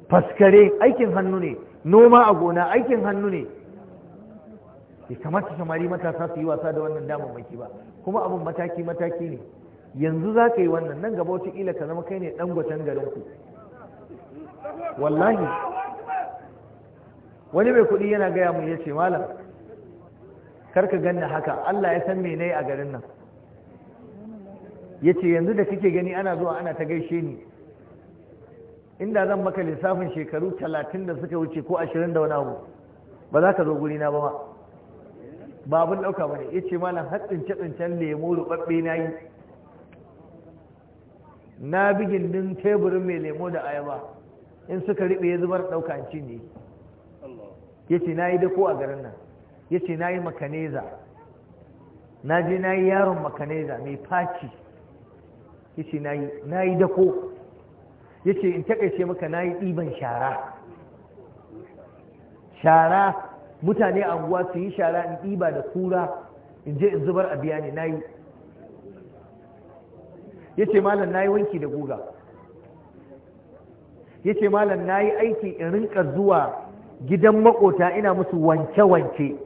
Speaker 1: faskare aikin hannu ne noma a gona aikin hannu ne bai kamata samari matasa su yi wasa da wannan damammaki ba kuma abin mataki mataki ne yanzu za ka yi wannan nan gaba ila ka zama kai ne ɗan gwacen ku. wallahi wani mai kuɗi yana gaya mu ya ce malam ka ganna haka Allah ya san mene a garin nan Yace ce yanzu da kake gani ana zuwa ana ta gaishe ni inda zan maka lissafin shekaru talatin da suka wuce ko ashirin da wani abu ba za ka zo gurina ba ma Babin ɗauka ba ne ya ce malam hatsin tsincen lemo ruɓaɓɓe na yi na bi gindin teburin mai lemu da ayaba in suka riɓe ya zubar ɗauka ci ne ya ce na yi dako a garin nan ya ce na yi makaneza na je na yi yaron makaneza mai faci ya ce na yi dako ya ce in takaice maka na yi ɗiban shara shara mutane a suyi su yi shara in ɗiba da kura in je in zubar a biya ne na yi ya ce malam na yi wanki da guga ya ce malam na yi aiki in rinka zuwa gidan makota ina musu wanke-wanke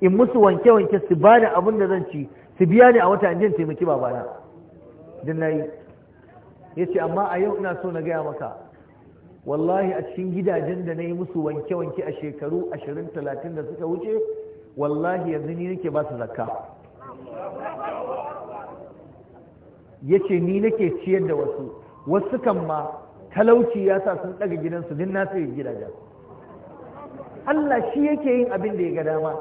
Speaker 1: in musu wanke-wanke su ba da abin da zan ci su biya ne a wata in taimaki babana din na yi ya ce amma a yau ina so na gaya maka wallahi a cikin gidajen da na yi musu wanke-wanke a shekaru 20-30 da suka wuce wallahi yanzu ni nake ba su zakka ya ce ni nake ciyar da wasu wasu kan ma talauci ya sa sun ɗaga gidansu din na sai gidajen Allah shi yake yin abin da ya ga dama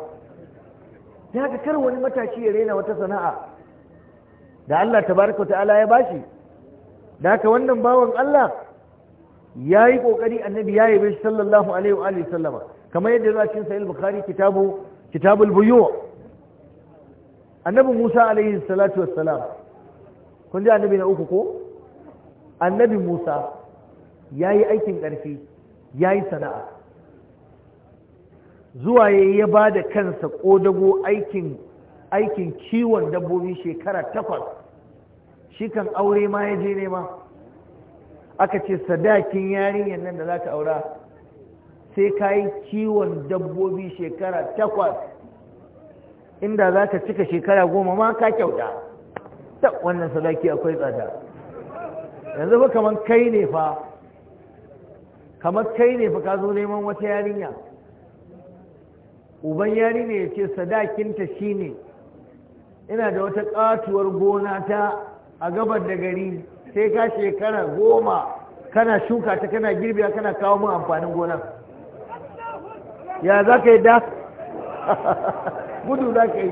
Speaker 1: Ya ka kar wani matashi ya rena wata sana'a da Allah Ta tabaraka ta'ala ya bashi da haka wannan bawan Allah ya yi ƙoƙari annabi ya yi shi sallallahu alaihi wa sallama kamar yadda za cin sa'il bukhari kitabu kitabul buyu annabi musa alaihi salatu salam kun ji annabi na uku ko annabi musa ya yi aikin ƙarfi ya yi sana'a zuwa ya ya ba da kansa ƙodago aikin aikin kiwon dabbobi shekara takwas shi kan aure ma ya je nema aka ce sadakin yarinyar nan da za ka aura sai ka yi kiwon dabbobi shekara takwas inda za ka cika shekara goma ma ka kyauta ta wannan sadaki akwai tsada yanzu fa kamar kai ne fa kamar kai ne fa ka zo neman wata yarinya uban yarinya ya ce sadakinta shine ina da wata katuwar gona ta a gabar da gari sai ka shekara goma kana shuka ta kana girbiya kana kawo mun amfanin gona
Speaker 2: ya za ka yi da
Speaker 1: gudu za ka yi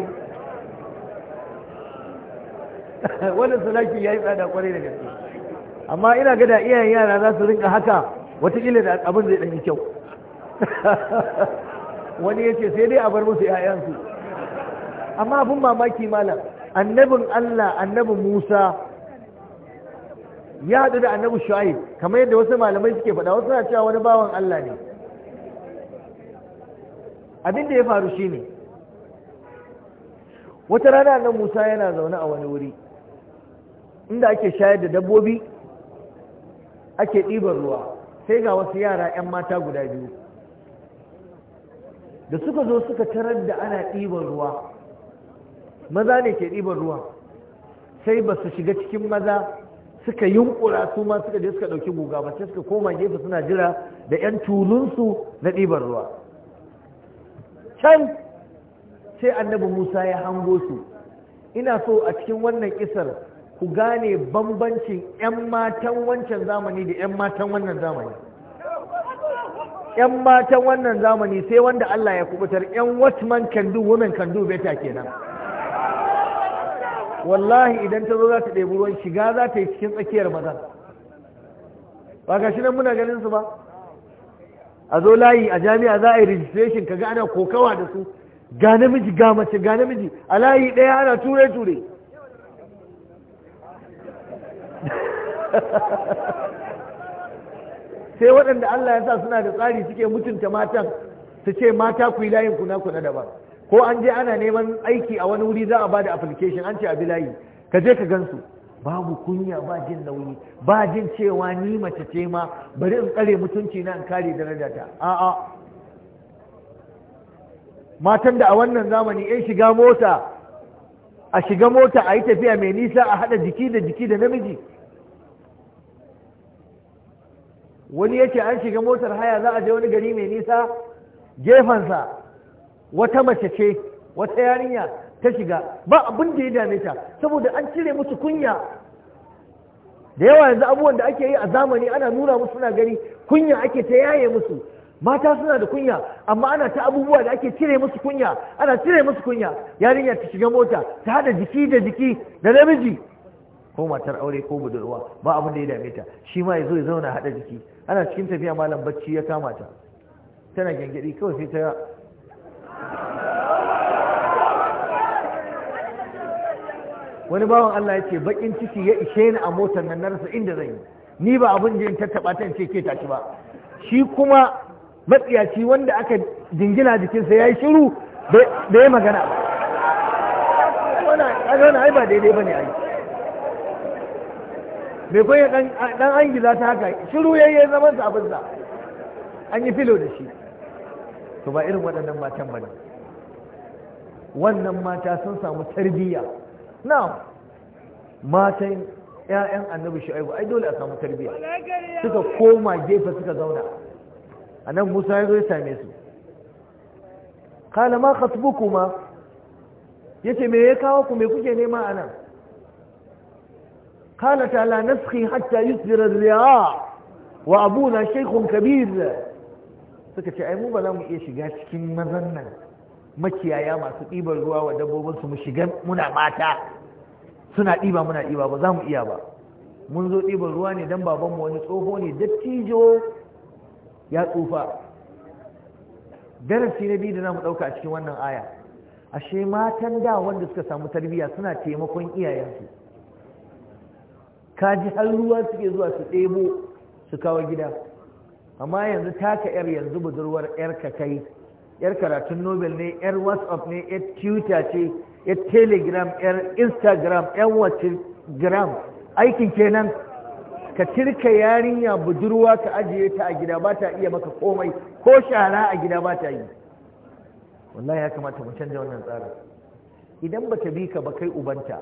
Speaker 1: wani salaki ya yi tsada kwarai da gaske amma ina ga iyayen yara za su rinka haka watakila da abin zai ɗanyi kyau wani ya ce sai dai a bar musu 'ya'yansu amma abin mamaki malam annabin allah annabin musa ya haɗu da annabi shu'aib kamar yadda wasu malamai suke faɗa wasu na cewa wani bawan Allah ne abin da ya faru shine wata rana nan Musa yana zaune a wani wuri inda ake shayar da dabbobi ake ɗiban ruwa sai ga wasu yara 'yan mata guda biyu da suka zo suka tarar da ana ɗiban ruwa maza ne ke ɗiban ruwa sai ba su shiga cikin maza suka yunkura su ma suka je suka ɗauki guga ba sai suka koma gefe suna jira da 'yan tulunsu na ɗibar ruwa can sai annabi musa ya hango su ina so a cikin wannan kisar ku gane bambancin 'yan matan wancan zamani da 'yan matan wannan zamani 'yan matan wannan zamani sai wanda allah ya kubutar 'yan what man can do women can do kenan wallahi idan ta zo za ta ɗebi ruwan shiga za ta yi cikin tsakiyar maza ba ga shi nan muna ganin su ba a zo layi a jami'a za a yi ka ga ana kokawa da su ga namiji ga mace ga namiji a layi ɗaya ana ture ture sai waɗanda Allah ya sa suna da tsari suke mutunta matan su ce mata ku yi layin kuna kuna daban ko an je ana neman aiki a wani wuri za a ba da application an ce a bilayi ka je ka gansu babu kunya ba jin nauyi ba jin cewa ni mace ce ma bari in kare mutunci na in kare a a'a matan da a wannan zamani in shiga mota a shiga mota a yi tafiya mai nisa a haɗa jiki da jiki da namiji wani yake an shiga motar haya za a je wani gari mai nisa gefensa wata mace ce wata yarinya ta shiga ba abin da ya dame ta saboda an cire musu kunya da yawa yanzu abubuwan da ake yi a zamani ana nuna musu suna gani kunya ake ta yaye musu mata suna da kunya amma ana ta abubuwa da ake cire musu kunya ana cire musu kunya yarinya ta shiga mota ta hada jiki da jiki da namiji ko matar aure ko budurwa ba abin da ya dame ta shi ma ya zo ya zauna hada jiki ana cikin tafiya malam bacci ya kama ta tana gyangyaɗi kawai sai ta wani bawan Allah ya ce bakin ciki ya ishe ni a motar nan na rasa inda zan yi ni ba abin jin tattaɓa ta ce ke tashi ba shi kuma matsiyaci wanda aka jingina jikinsa ya yi shiru da ya magana wani ai ba daidai ba ne ai me kwanye dan an angila ta haka shiru ya yi zamansa abinsa an yi filo da shi to ba irin waɗannan matan ba ne wannan mata sun samu tarbiyya na matan 'ya'yan annabi shu'aibu ai dole a samu tarbiyya suka koma gefe suka zauna a nan musa ya zo ya same su Kale ma khasbukuma yace me ya kawo ku me kuke nema a nan kala ta la naskhi hatta yusdira riya wa abuna shaykhun kabir suka ce ai mu ba za mu iya shiga cikin mazan nan makiyaya masu ɗibar ruwa wa dabbobin su mu shiga muna mata suna ɗiba muna ɗiba ba za mu iya ba mun zo ɗibar ruwa ne dan babanmu wani tsoho ne dattijo ya tsufa darasi na biyu da za mu ɗauka a cikin wannan aya ashe matan da wanda suka samu tarbiyya suna taimakon iyayensu kaji har ruwa suke zuwa su ɗebo su kawo gida amma yanzu taka yar yanzu budurwar yar ka kai yar karatun nobel ne yar whatsapp ne yar twitter ce yar telegram yar instagram yar whatsapp aikin kenan ka cirka yarinya budurwa ka ajiye ta a gida ba ta iya maka komai ko shara a gida ba ta yi wallahi ya kamata mu canja wannan tsarin idan ba ta bi ka ba kai ubanta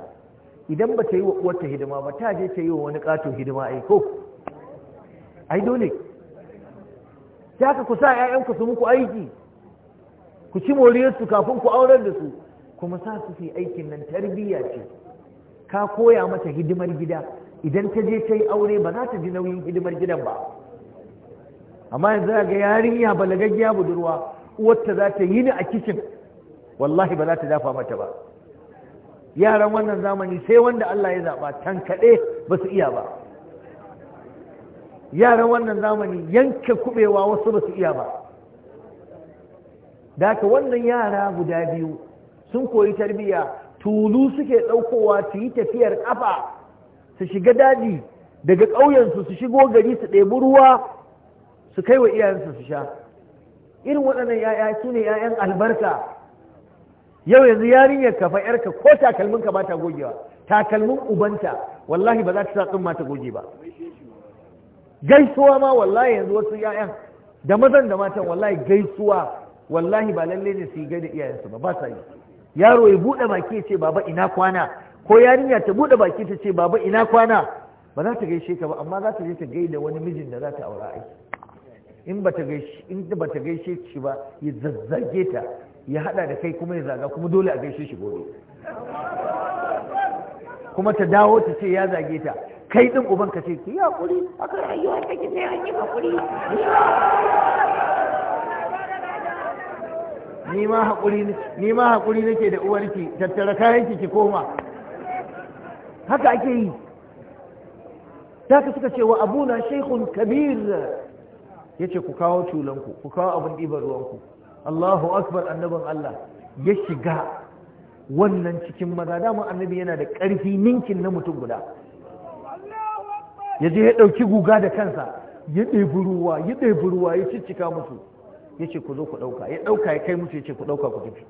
Speaker 1: idan ba ta yi wa uwarta hidima ba ta je ta yi wa wani kato hidima ai ko ai dole ta haka ku sa 'ya'yanku su muku aiki ku ci moriyarsu kafin ku aurar da su kuma sa su fi aikin nan tarbiyya ce ka koya mata hidimar gida idan ta je ta yi aure ba za ta ji nauyin hidimar gidan ba amma yanzu ga yarinya balagaggiya budurwa uwarta za ta yi ni a kicin wallahi ba za ta dafa mata ba yaran wannan zamani sai wanda Allah ya zaɓa tankaɗe ba su iya ba yaran wannan zamani yanke kubewa wasu ba su iya ba da haka wannan yara guda biyu sun koyi tarbiyya tulu suke ɗaukowa su yi tafiyar ƙafa su shiga daji daga ƙauyensu su shigo gari su ɗebi ruwa su kai wa iyayensu su sha irin waɗannan ya'ya su ne ya'yan albarka yau yanzu yarinyar kafa yarka ko takalmin ka ba ta gogewa takalmin ubanta wallahi ba za ta sa tsumma ta goge ba gaisuwa ma wallahi yanzu wasu 'ya'yan da mazan da matan wallahi gaisuwa wallahi ba lalle ne su yi gaida iyayensu ba ba sa yi yaro ya buɗe baki ya ce baba ina kwana ko yarinya ta buɗe baki ta ce baba ina kwana ba za ta gaishe ka ba amma za ta je ta gaida wani mijin da za ta aura ai in ba ta gaishe in ba ta gaishe shi ba ya zazzage ta ya hada da kai kuma ya zaga kuma dole a gaishe shi gobe kuma ta dawo ta ce ya zage ta kai din uban ka ce ki hakuri akan rayuwa ki ne an yi hakuri ni ma hakuri ni ma hakuri nake da uwarki tattara kayanki ki koma haka ake yi zaka suka ce wa abuna shaykhun kabir yace ku kawo tulanku ku kawo abin ɗibar ruwanku Allahu akbar annabin Allah ya shiga wannan cikin maza dama annabi yana da ƙarfi ninkin na mutum guda ya je ya ɗauki guga da kansa ya ɗebi ruwa ya ɗebi ruwa ya ciccika musu ya ce ku zo ku ɗauka ya ɗauka ya kai musu ya ce ku ɗauka ku tafi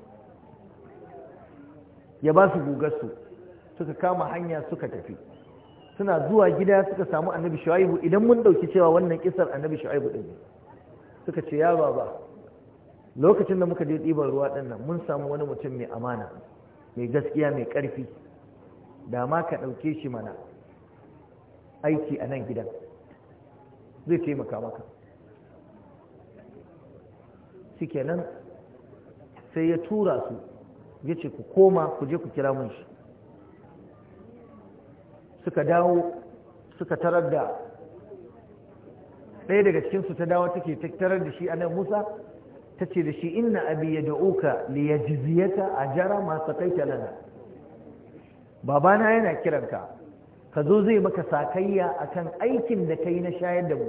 Speaker 1: ya ba su gugarsu suka kama hanya suka tafi suna zuwa gida suka samu annabi shu'aibu idan mun ɗauki cewa wannan kisar annabi shu'aibu ɗin suka ce ya baba lokacin da muka je ɗiban ruwa ɗin nan mun samu wani mutum mai amana mai gaskiya mai ƙarfi da ma ka ɗauke shi mana aiki a nan gidan zai taimaka maka shikenan sai ya tura su ya ce ku koma ku je ku kira mun shi suka dawo suka tarar da ɗaya daga cikinsu ta dawo take tarar da shi anan musa ta ce da shi inna abi ya da uka liyajiziyata a jara masu kai lana babana yana kiranka ka zo zai maka sakayya a kan aikin da ka yi na shayar da mu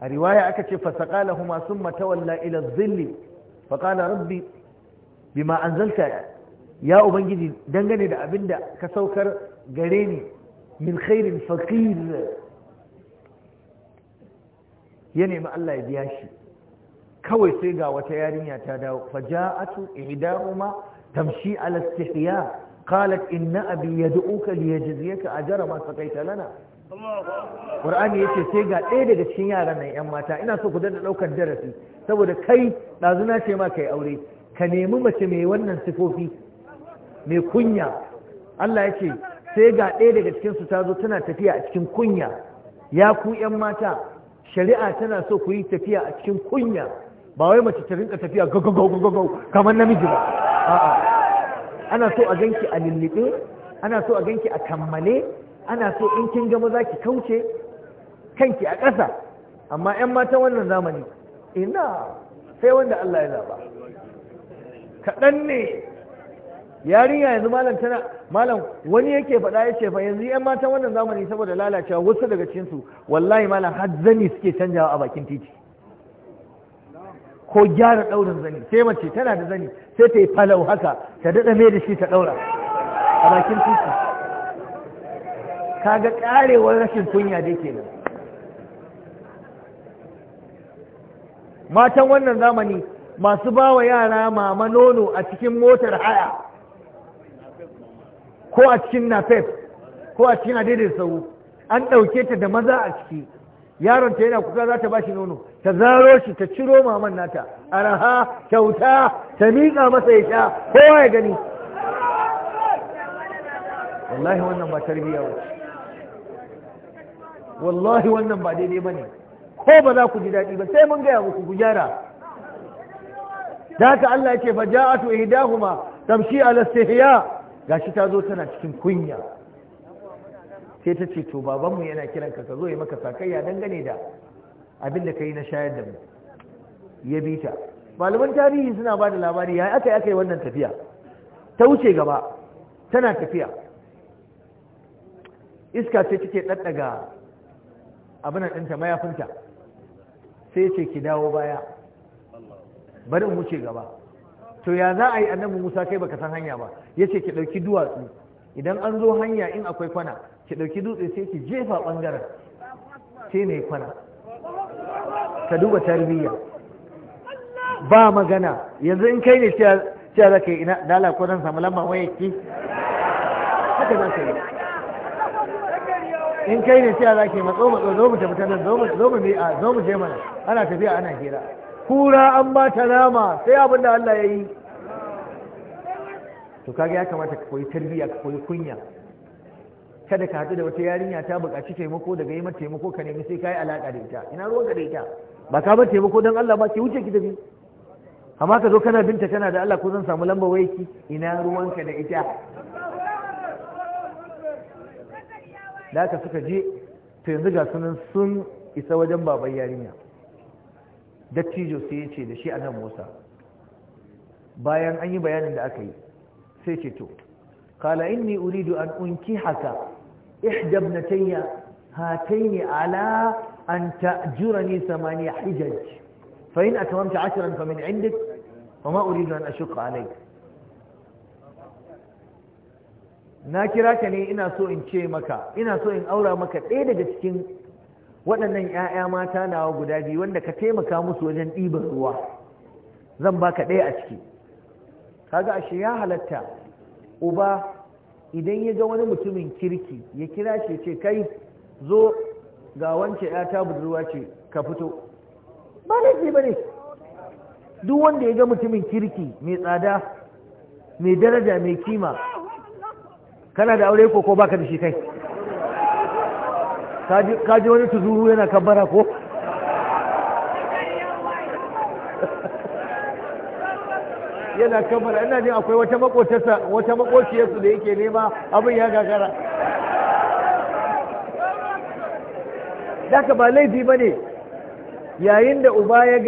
Speaker 1: a riwaya aka ce fasakala huma sun matawalla ila zilli faƙala rabbi bima anzalta ya ubangiji dangane da abin da ka saukar gare ni min khairin Fakir. ya nemi Allah ya biya shi kawai sai ga wata yarinya ta dawo fa ja'atu ihdahuma tamshi ala istihya قالت إن أبي يدعوك ليجزيك أجر ما سقيت لنا
Speaker 2: Qur'ani yace sai ga ɗaya daga
Speaker 1: cikin yaran nan yan mata ina so ku dada ɗaukar darasi saboda kai ɗazu na ce ma kai aure ka nemi mace mai wannan sifofi mai kunya Allah ce sai ga ɗaya daga cikin su ta zo tana tafiya a cikin kunya ya ku yan mata shari'a tana so ku yi tafiya a cikin kunya ba wai mace ta rinka tafiya gagagagagagau kamar namiji ba a'a ana so a ganki a lullube ana so a ganki a kammale ana so in kin gama za ki kauce kanki a ƙasa amma 'yan matan wannan zamani ina sai wanda Allah ya zaba kaɗan ne yarinya yanzu malam tana malam wani yake faɗa ya ce fa yanzu 'yan matan wannan zamani saboda lalacewa wasu daga cikinsu wallahi malam har zani suke canjawa a bakin titi ko gyara ɗaurin zani sai mace tana da zani sai ta yi falau haka ta daɗa mai da shi ta ɗaura a bakin titi kaga ƙarewar rashin kunya dai kenan matan wannan zamani masu ba wa yara mama nono a cikin motar haya ko a cikin nafef ko a cikin adidin sau an ɗauke ta da maza a ciki yaron ta yana kuka za ta bashi nono ta zaro shi ta ciro maman nata araha kyauta ta miƙa masa ya sha kowa ya gani wallahi wannan ba tarbiyya ba wallahi wannan ba daidai ba ne ko ba za ku ji daɗi ba sai mun gaya muku ku gyara da Allah ya ce fa ja'atu ihdahuma tamshi ala istihya gashi ta zo tana cikin kunya sai ta ce to babanmu yana kiran ka ka zo ya maka sakayya dangane da abinda ka yi na shayar da mu ya bi ta malaman tarihi suna ba da labari ya aka yi aka yi wannan tafiya ta wuce gaba tana tafiya iska ce take ɗaɗɗaga abinan ɗinta mayafinta sai ce ki dawo baya bari in wuce gaba to ya za a yi annabi musa kai baka san hanya ba ya ce ki ɗauki duwatsu idan an zo hanya in akwai kwana ki ɗauki dutse sai ki jefa ɓangaren sai ne kwana ka duba tarbiyya ba magana yanzu in kai ne cewa za ka yi ina dala ko zan samu lamba waya ki haka za ka yi in kai ne cewa za ka yi matso matso zo mu tafi nan zo mu a zo mu je mana ana tafiya ana hira kura an ba ta nama sai abin da Allah ya yi to kaga ya kamata ka koyi tarbiyya ka koyi kunya kada ka haɗu da wata yarinya ta buƙaci taimako daga yi mata taimako ka nemi sai ka yi alaƙa da ita ina ruwanka da ita ba ka bar taimako don Allah ba ki wuce ki tafi amma ka zo kana binta kana da Allah ko zan samu lamba waya ki ina ruwanka da ita da ka suka je to yanzu ga sunan sun isa wajen baban yarinya dattijo sai ya ce da shi a nan musa bayan an yi bayanin da aka yi sai ce to قال إني أريد أن أنكحك إحدى ابنتي هاتين على أن تأجرني ثمانية حجج فإن أتممت عشرا فمن عندك وما أريد أن أشق عليك na kira ka ne ina so in ce maka ina so in aura maka ɗaya daga cikin waɗannan 'ya'ya mata nawa guda biyu wanda ka taimaka musu wajen ɗiban ruwa zan baka ɗaya a ciki kaga ashe ya halatta uba idan ya ga wani mutumin kirki ya kira shi ce kai zo ga wancan ya ta budurwa ce ka fito ba laifi ba ne duk wanda ya ga mutumin kirki mai tsada mai daraja mai kima kana da aure ko ko baka da shi kai kaji wani tuzuru yana kabbara ko yana kamar ina ne akwai wata makotarsa wata makociyarsu da yake nema abin ya gagara daga ba laifi ba ne yayin da uba ya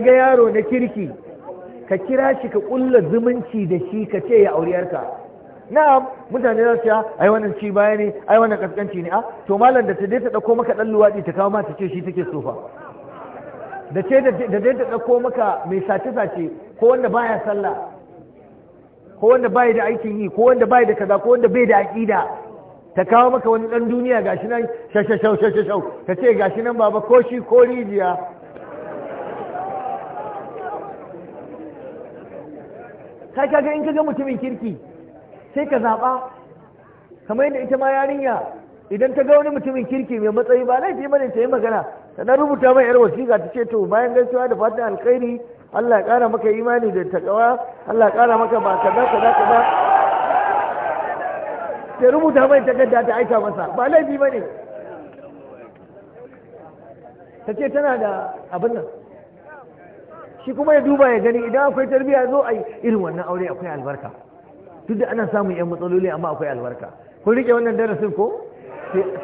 Speaker 1: ga yaro na kirki ka kira shi ka kulla zumunci da shi ka ce ya auriyarka na'am mutane za su ya ai wannan ci baya ne ai wannan kaskanci ne a ah, to malam da ta dai ta dauko maka dan luwadi ta kawo ma ta ce shi take sofa da ce da zai da ɗauko maka mai sace-sace ko wanda baya sallah ko wanda bai da aikin yi ko wanda bai da kaza ko wanda bai da aƙida ta kawo maka wani ɗan duniya gashi nan shashashau shashashau ta ce gashi nan baba ko shi ko rijiya kai kaga in kaga mutumin kirki sai ka zaɓa kamar yadda ita ma yarinya idan ta ga wani mutumin kirki mai matsayi ba laifi bane ta yi magana ta na rubuta mai yar wasiƙa ta ce to bayan gaisuwa da fatan alkhairi Allah ya ƙara maka imani da takawa Allah ya ƙara maka ba kaza kaza kaza ta rubuta mai takarda ta aika masa ba laifi ba ne
Speaker 2: ta ce tana da abin nan
Speaker 1: shi kuma ya duba ya gani idan akwai tarbiyya zo a irin wannan aure akwai albarka duk da ana samun yan matsaloli amma akwai albarka kun rike wannan darasin ko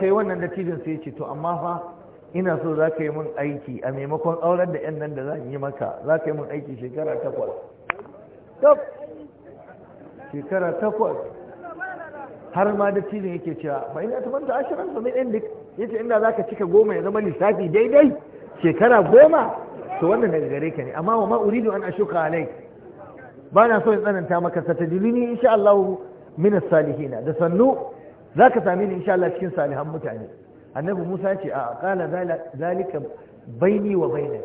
Speaker 1: sai wannan dattijan sai ya ce to amma fa ina so za ka yi min aiki a maimakon auren da 'yan nan da zan yi maka za ka yi min aiki shekara takwas shekara takwas har ma da cizon yake cewa ba ina ta manta ashirin su ɗin duk ya inda za ka cika goma ya zama lissafi daidai shekara goma to wannan daga gare ka ne amma wa ma'uridu an ashuka alai ba na so in tsananta maka sata dilini insha Allah min salihina da sannu za ka sami ni insha Allah cikin salihan mutane annabi musa ce a kala zalika baini wa bainak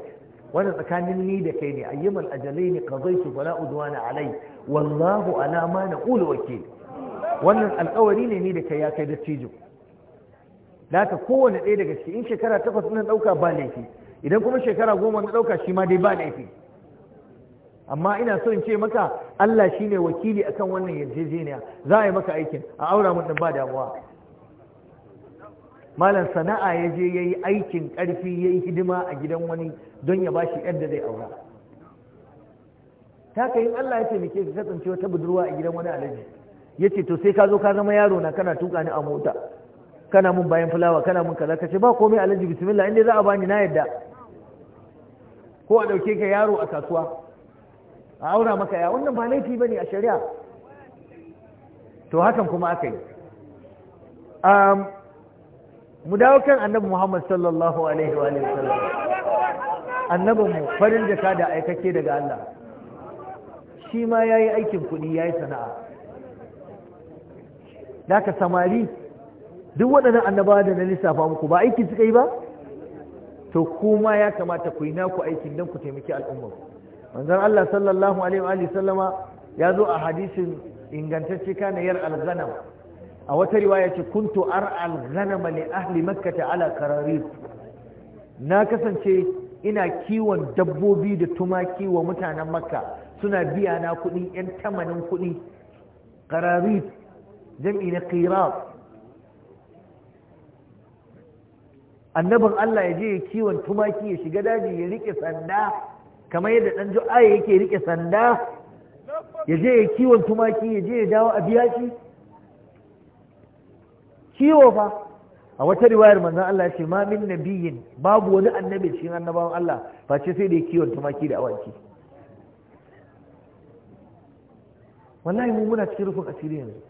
Speaker 1: wanda tsakanin ni da kai ne ayyamal ajalai ne qadaitu fala na alai wallahu alama na naqulu wakil wannan alƙawari ne ni da kai ya kai dattijo haka kowane ɗaya daga shi in shekara takwas na ɗauka ba laifi idan kuma shekara goma na ɗauka shi ma dai ba laifi amma ina so in ce maka Allah shine wakili akan wannan yarjejeniya za a yi maka aikin a aura mun ba damuwa malam sana'a ya je ya yi aikin ƙarfi ya yi hidima a gidan wani don ya bashi yadda zai aura ta ka yi Allah ya taimake ka kasance wata budurwa a gidan wani alaji ya ce to sai ka zo ka zama yaro na kana tuka ni a mota kana mun bayan fulawa kana mun kaza ka ce ba komai alaji bismillah inda za a bani na yadda ko a ɗauke ka yaro a kasuwa a aura maka ya wannan ba laifi bane a shari'a to hakan kuma aka yi mu dawo kan annabi Muhammad sallallahu alaihi wa sallam annabin mu farin jaka da aikake daga Allah shi ma yayi aikin kuɗi yayi sana'a daga samari duk waɗannan annabawa da na lissafa muku ba aiki suka yi ba to kuma ya kamata ku yi naku aikin don ku taimaki al'umma manzon Allah sallallahu alaihi wa sallama ya zo a hadisin ingantacce kana yar a wata riwaya ce kuntu al ghanama li ahli ta ala Kararir. na kasance ina kiwon dabbobi da tumaki wa mutanen makka suna biya na kuɗi yan tamanin kuɗi Kararir jam'i na qirab annabin Allah ya je ya kiwon tumaki ya shiga daji ya rike sanda kamar yadda dan ju'a yake rike sanda ya je ya kiwon tumaki ya je ya dawo a biya shi Kiwo fa a wata riwayar manzon Allah ce ma min nabiyin babu wani annabi cikin annabawan Allah face sai da kiwon tumaki da awaki wallahi mu muna cikin rufin asiri yanzu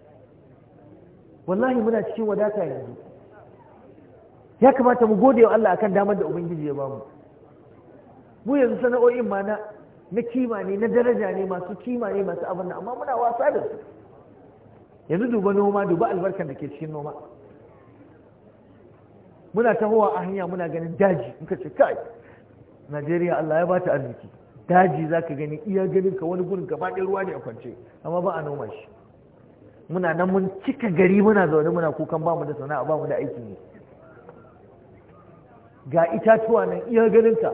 Speaker 1: wallahi muna cikin wadata yanzu ya kamata mu gode wa Allah akan damar da ubangiji ya bamu mu yanzu sana'o'in ma na na kima ne na daraja ne masu kima ne masu abin amma muna wasa da su yanzu duba noma duba albarkar da ke cikin noma muna tahowa a hanya muna ganin daji in ka ce kai najeriya allah ya ba ta arziki daji za ka gani iya ganin ka wani gurin gaba ɗaya ruwa ne a kwance amma ba a noma shi muna nan mun cika gari muna zaune muna kukan ba mu da sana'a ba mu da aiki ne ga itatuwa nan iya ganin ka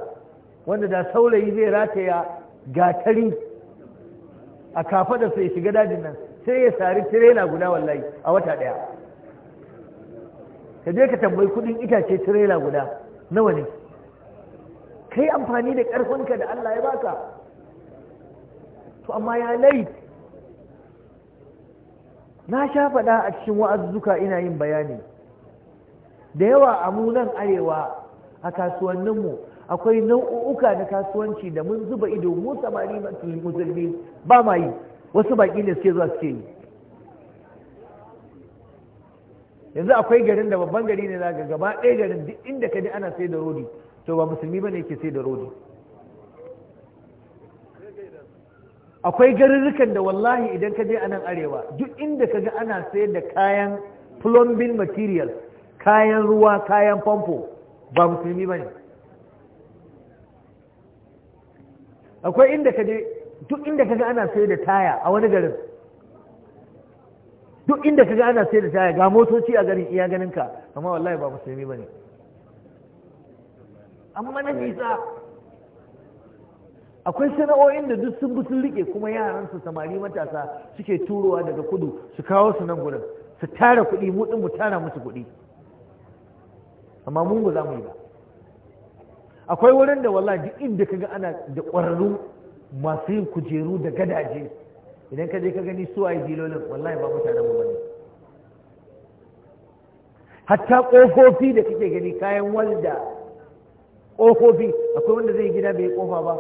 Speaker 1: wanda da saurayi zai rataya gatari a kafa da sai shiga dajin nan sai ya sari tirela guda wallahi a wata ɗaya ka je ka tambayi kudin itace tirela guda nawa ne kai amfani da ƙarfinka da Allah ya baka to amma ya lai na sha faɗa a cikin wa'azzuka ina yin bayani da yawa a munan arewa a kasuwanninmu akwai nau'uka na kasuwanci da mun zuba ido mu samari musulmi ba ma yi wasu baƙi ne suke zuwa suke yi yanzu akwai garin da babban gari ne zaka gaba ɗaya garin duk inda ka ji ana sai da rodi to ba musulmi ba ne ke sai da rodi akwai garurrukan da wallahi idan ka je a nan arewa duk inda ka ga ana sayar da kayan plumbing material kayan ruwa kayan famfo ba musulmi ba ne akwai inda ka je duk inda ka ga ana sayar da taya a wani garin duk inda ka ga ana sai da taya ga motoci a garin iya ganin ka amma wallahi ba musulmi bane amma na nisa akwai sana'o'in da duk sun bi sun rike kuma yaran su samari matasa suke turowa daga kudu su kawo su nan gurin su tara kuɗi mu din mu tara musu kuɗi amma mun ba za mu yi ba akwai wurin da wallahi duk inda ka ga ana da kwararru masu yin kujeru da gadaje idan ka je ka gani su yi dilolin wallahi ba mutane mu bane hatta kofofi da kake gani kayan walda kofofi akwai wanda zai gida bai kofa ba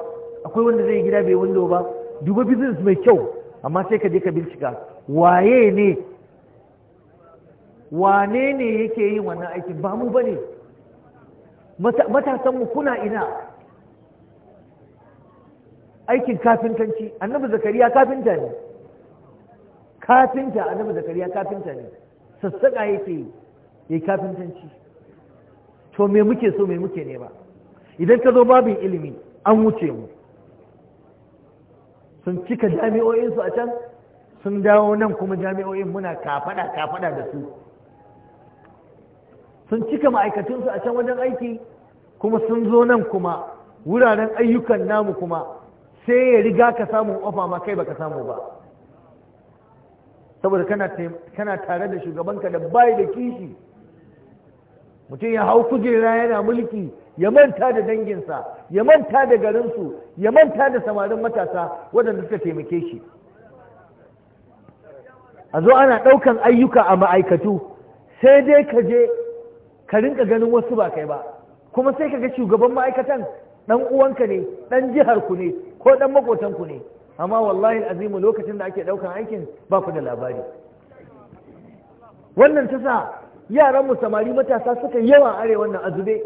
Speaker 1: akwai wanda zai gida bai window ba duba business mai kyau amma sai ka je ka bincika waye ne wane ne yake yin wannan aikin ba mu bane mu kuna ina aikin kafintanci annabi zakariya kafinta ne kafinta annabi zakariya kafinta ne sassaƙa yake yi ya kafintanci to me muke so me muke ne ba idan ka zo babin ilimi an wuce mu sun cika jami'o'insu a can sun dawo nan kuma jami'o'in muna kafada kafada da su sun cika ma'aikatunsu a can wajen aiki kuma sun zo nan kuma wuraren ayyukan namu kuma sai ya riga ka samu ofa ma kai baka samu ba saboda kana tare da shugabanka da bai da kishi mutum ya hau kujera yana mulki ya manta da danginsa ya manta da garinsu ya manta da samarin matasa waɗanda suka taimake shi a zo ana ɗaukan ayyuka a ma'aikatu sai dai ka je ka rinka ganin wasu ba kai ba kuma sai ka ga shugaban ma'aikatan ɗan uwanka ne ɗan jihar ku ne ko dan makotanku ne amma wallahi azimu lokacin da ake daukan aikin ba ku da labari wannan ta sa yaran mu samari matasa suka yawa are wannan azube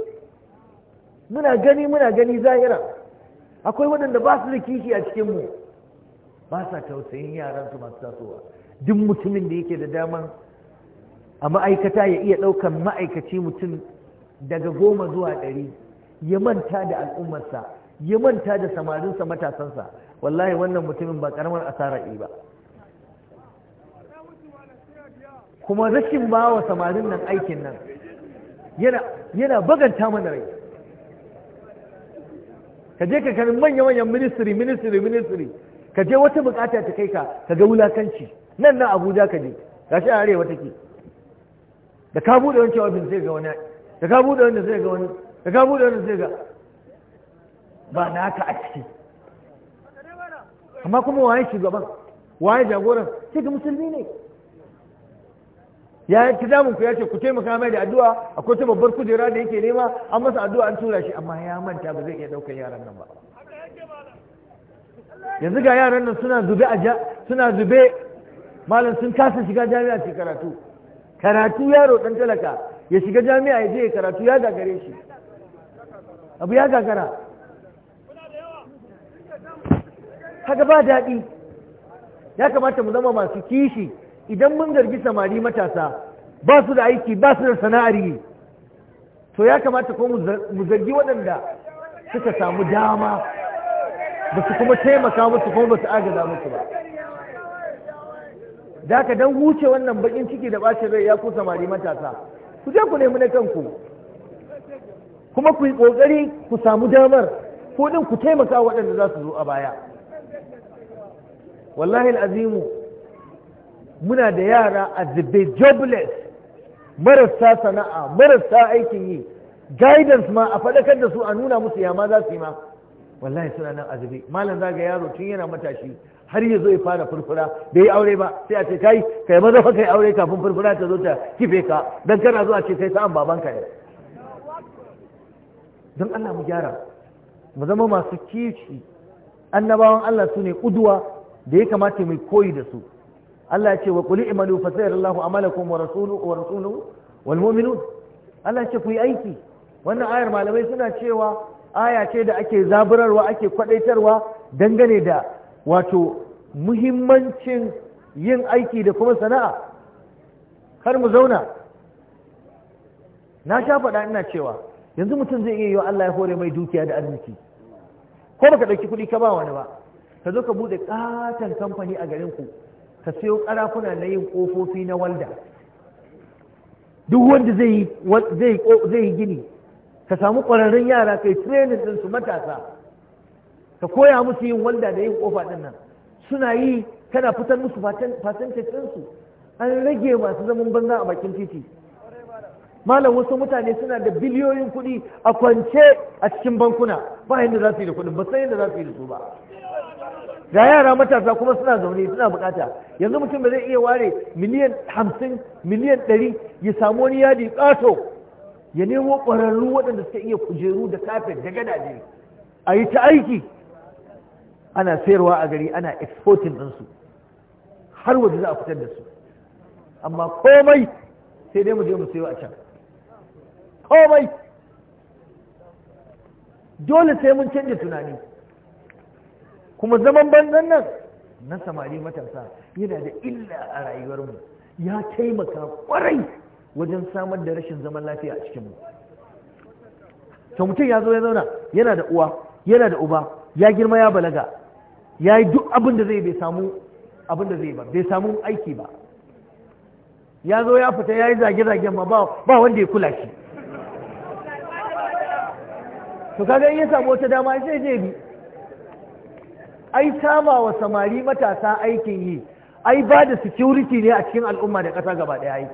Speaker 1: muna gani muna gani zahira akwai waɗanda ba su da kishi a cikin mu ba sa tausayin yaran su masu tasowa duk mutumin da yake da dama a ma'aikata ya iya ɗaukan ma'aikaci mutum daga goma zuwa ɗari ya manta da al'ummarsa ya manta da samarinsa matasansa wallahi wannan mutumin ba karamar asara yi ba kuma rashin ba wa samarin nan aikin nan yana baganta mana rai ka je ka kanin manya-manyan ministry ministry ministry ka je wata bukata ta kai ka ka ga wulakanci nan na abuja ka je ga shi a arewa take da ka buɗe wancan ofis zai ga wani da ka buɗe wanda zai ga wani da ka bude wanda zai ga ba naka a ciki amma kuma waye shugaban waye jagoran sai ga musulmi ne ya ci damun ku ya ce ku taimaka mai da addu'a akwai ta babbar kujera da yake nema an masa addu'a an tura shi amma ya manta ba zai iya daukar yaran nan ba yanzu ga yaran nan suna zube a suna zube malam sun kasa shiga jami'a ce karatu karatu yaro dan talaka ya shiga jami'a ya je karatu ya gagare shi abu ya gagara kaga ba daɗi ya kamata mu zama masu kishi idan mun zargi samari matasa ba su da aiki ba su da sana'ar yi to ya kamata ko mu zargi waɗanda suka samu dama ba su kuma taimaka musu kuma ba su agaza musu ba da ka don huce wannan bakin ciki da bacin rai ya ku samari matasa ku je ku nemi na kanku kuma ku yi ƙoƙari ku samu damar ko ɗin ku taimaka waɗanda za su zo a baya
Speaker 2: wallahi Al-azimu,
Speaker 1: muna da yara a zube jobless marasa sana'a marasa aikin yi guidance ma a faɗakar da su a nuna musu yama za su yi ma wallahi suna nan a zube malam za ga yaro tun yana matashi har yi zo ya fara furfura bai yi aure ba sai a ce kai kai maza fa kai aure kafin furfura ta zo ta kife ka dan kana zuwa ce kai sa'an babanka ne don Allah mu gyara mu zama masu kici annabawan Allah su ne uduwa da ya kamata mai koyi da su Allah ya ce wa kuli imanu fa sayarallahu amalakum wa rasuluhu wa rasulu wal mu'minun Allah ya ce ku yi aiki wannan ayar malamai suna cewa aya ce da ake zaburarwa ake kwadaitarwa dangane da wato muhimmancin yin aiki da kuma sana'a kar mu zauna na sha faɗa ina cewa yanzu mutum zai iya yi wa Allah ya hore mai dukiya da arziki ko baka ɗauki kuɗi ka ba wani ba ka zo ka buɗe katan kamfani a garin ku ka sayo ƙarafuna na yin kofofi na walda duk wanda zai yi zai gini ka samu ƙwararrun yara kai training din su matasa ka koya musu yin walda da yin kofa din nan suna yi kana fitar musu fatantin su an rage masu zaman banza a bakin titi malam wasu mutane suna da biliyoyin kuɗi a kwance a cikin bankuna ba yadda za su yi da kuɗin ba sai yadda za su yi da su ba ga yara matasa kuma suna zaune suna bukata yanzu mutum ba zai iya ware miliyan hamsin miliyan ɗari ya samu wani yadi ƙato ya nemo ƙwararru waɗanda suka iya kujeru da kafet da gadaje a yi ta aiki ana sayarwa a gari ana exporting ɗinsu har waje za a fitar da su amma komai sai dai mu je mu sayo a can komai dole sai mun canja tunani kuma zaman banzan nan na samari matasa yana da illa a rayuwarmu ya taimaka kwarai wajen samar da rashin zaman lafiya a cikinmu to mutum ya zo ya zauna yana da uwa yana da uba ya girma ya balaga ya yi duk abin da zai bai samu abin da zai ba bai samu aiki ba ya zo ya fita ya yi zage-zagen ma ba wanda ya kula shi to kaga in ya samu wata dama sai zai bi ai sama wa samari matasa aikin yi ai ba da security ne a cikin al'umma da ƙasa gaba ɗaya yi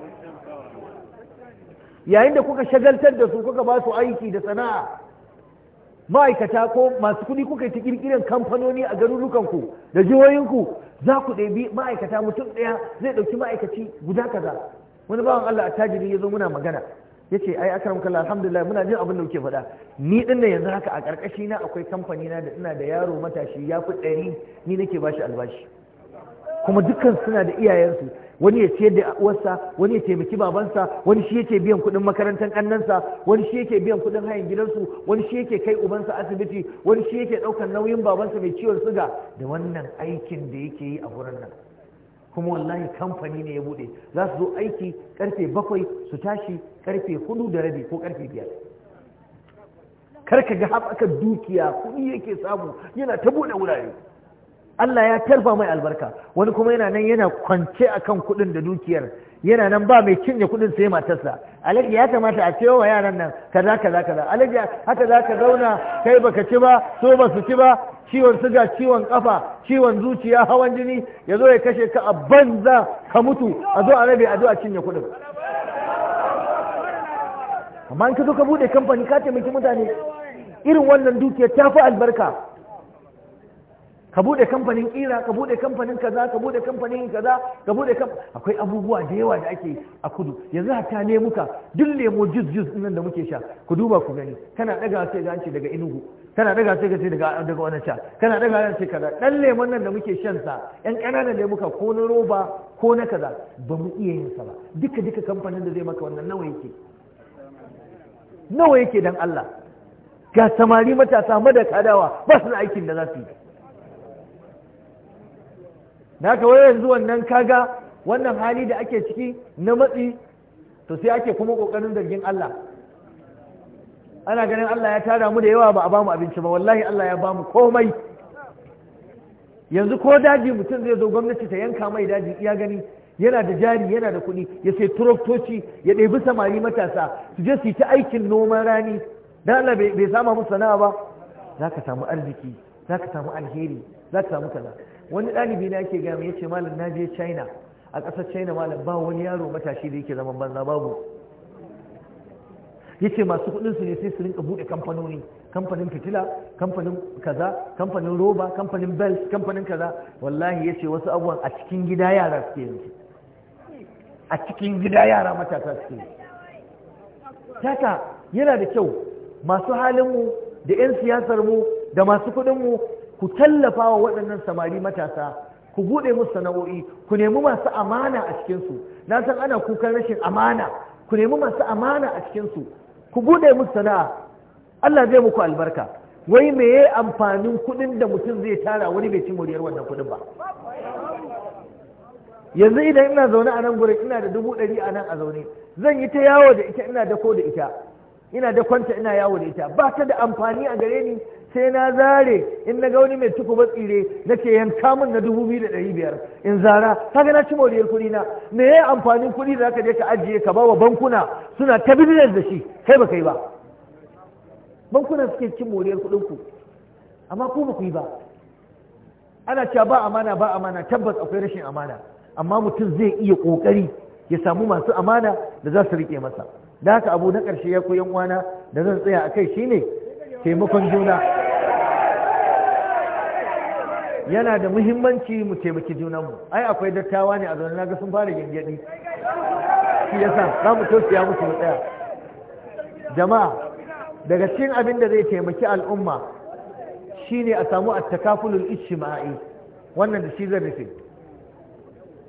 Speaker 1: yayin da kuka shagaltar da su kuka ba su aiki da sana'a ma'aikata ko masu kuɗi kuka yi ta ƙirƙirar kamfanoni a garurukanku da jihohinku za ku ɗabi ma'aikata mutum ɗaya zai ɗauki ma'aikaci guda kaza wani bawan Allah attajiri ya zo muna magana yace ai akram kallah alhamdulillah muna jin abin da kuke faɗa ni din yanzu haka a karkashi na akwai kamfani na da ina da yaro matashi ya fi ɗari ni nake ba shi albashi kuma dukkan suna da iyayensu wani ya ciyar da uwarsa wani ya taimaki babansa wani shi yake biyan kuɗin makarantar ƙannansa wani shi yake biyan kuɗin hayan gidansu wani shi yake kai ubansa asibiti wani shi yake ɗaukar nauyin babansa mai ciwon suga da wannan aikin da yake yi a wurin nan kuma wallahi kamfani ne ya bude za su zo aiki karfe bakwai su tashi karfe hudu da rabi ko karfe biyar karka ga haɓakar dukiya kuɗi yake samu yana ta bude wurare Allah ya tarfa mai albarka wani kuma yana nan yana kwance akan kuɗin da dukiyar yana nan ba mai cinye kuɗin sai matarsa alaji ya kamata a cewa yaran nan kaza kaza kaza alaji haka za ka zauna kai baka ci ba so ba su ci ba ciwon suga ciwon kafa ciwon zuciya hawan jini ya zo ya kashe ka a banza ka mutu a zo a rabe a zo a cinye kuɗin amma in ka zo ka bude kamfani ka taimaki mutane irin wannan dukiya ta fi albarka ka bude kamfanin kira ka bude kamfanin kaza ka bude kamfanin kaza ka bude akwai abubuwa da yawa da ake a kudu yanzu hatta lemuka duk lemo jus jus nan da muke sha ku duba ku gani kana daga sai ga ce daga inugu kana daga sai ga ce daga daga wannan sha kana daga sai ce kaza dan lemon nan da muke shan sa yan kananan lemuka ko na roba ko na kaza ba mu iya yin sa ba duka duka kamfanin da zai maka wannan nawa yake nawa yake dan Allah ga samari matasa madaka dawa ba su aikin da za su yi na ka wai yanzu wannan kaga wannan hali da ake ciki na matsi to sai ake kuma kokarin zargin Allah ana ganin Allah ya tara mu da yawa ba a bamu abinci ba wallahi Allah ya bamu komai yanzu ko daji mutum zai zo gwamnati ta yanka mai daji iya gani yana da jari yana da kuɗi ya sai turoktoci ya ɗebi samari matasa su je su yi ta aikin noman rani dan Allah bai sama musu sana'a ba za ka samu arziki za ka samu alheri za ka samu kaza wani ɗalibi na ke gami ya ce malam na je china a ƙasar china malam ba wani yaro matashi da yake zaman banza babu ya ce masu kuɗinsu ne sai su rinka buɗe kamfanoni kamfanin fitila kamfanin kaza kamfanin roba kamfanin belt kamfanin kaza wallahi ya ce wasu abubuwan a cikin gida yara suke yanzu a cikin gida yara matasa suke taka yana da kyau masu halinmu da 'yan siyasarmu da masu kudinmu ku tallafa wa waɗannan samari matasa ku buɗe musu sana'o'i ku nemi masu amana a cikinsu na san ana kukan rashin amana ku nemi masu amana a cikinsu ku buɗe musu sana'a Allah zai muku albarka wai me ya amfanin kuɗin da mutum zai tara wani bai ci moriyar wannan kuɗin ba yanzu idan ina zaune a nan gurin ina da dubu ɗari a nan a zaune zan yi ta yawo da ita ina da ko da ita ina da kwanta ina yawo da ita ba ta da amfani a gare ni sai na zare in na ga wani mai tuku tsire nake yanka min na dubu biyu da ɗari biyar in zara kaga na ci moriyar kuɗi na me ya amfanin kuɗi da aka je ka ajiye ka ba wa bankuna suna ta business da shi kai ba kai ba bankuna suke cin moriyar kuɗin ku amma ku ba ku yi ba ana cewa ba amana ba amana tabbas akwai rashin amana amma mutum zai iya ƙoƙari ya samu masu amana da za su riƙe masa da haka abu na ƙarshe ya koyan wana da zan tsaya a kai shine taimakon juna yana da muhimmanci mu taimaki junanmu ai akwai dattawa ne a zaune na ga sun fara gyangyaɗi shi yasa za mu tosiya musu mu tsaya jama'a daga cikin abin da zai taimaki al'umma shine a samu attakafulul ijtima'i wannan da shi zan rufe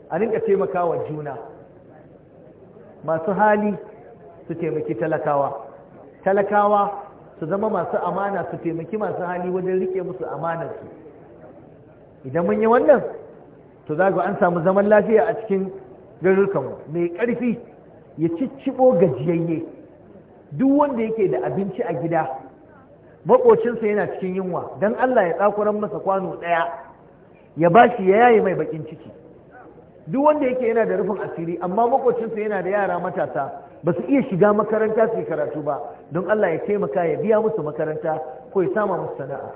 Speaker 1: a rinka taimakawa juna masu hali su taimaki talakawa talakawa su zama masu amana su taimaki masu hali wajen rike musu amanarsu idan mun yi wannan to za an samu zaman lafiya a cikin garurkanmu mai ƙarfi ya cicciɓo gajiyayye duk wanda yake da abinci a gida maƙocinsa yana cikin yunwa don Allah ya tsakuran masa kwano ɗaya ya ba shi ya yaye mai baƙin ciki duk wanda yake yana da rufin asiri amma maƙocinsa yana da yara matasa ba su iya shiga makaranta su yi karatu ba don Allah ya taimaka ya biya musu makaranta ko ya sama musu sana'a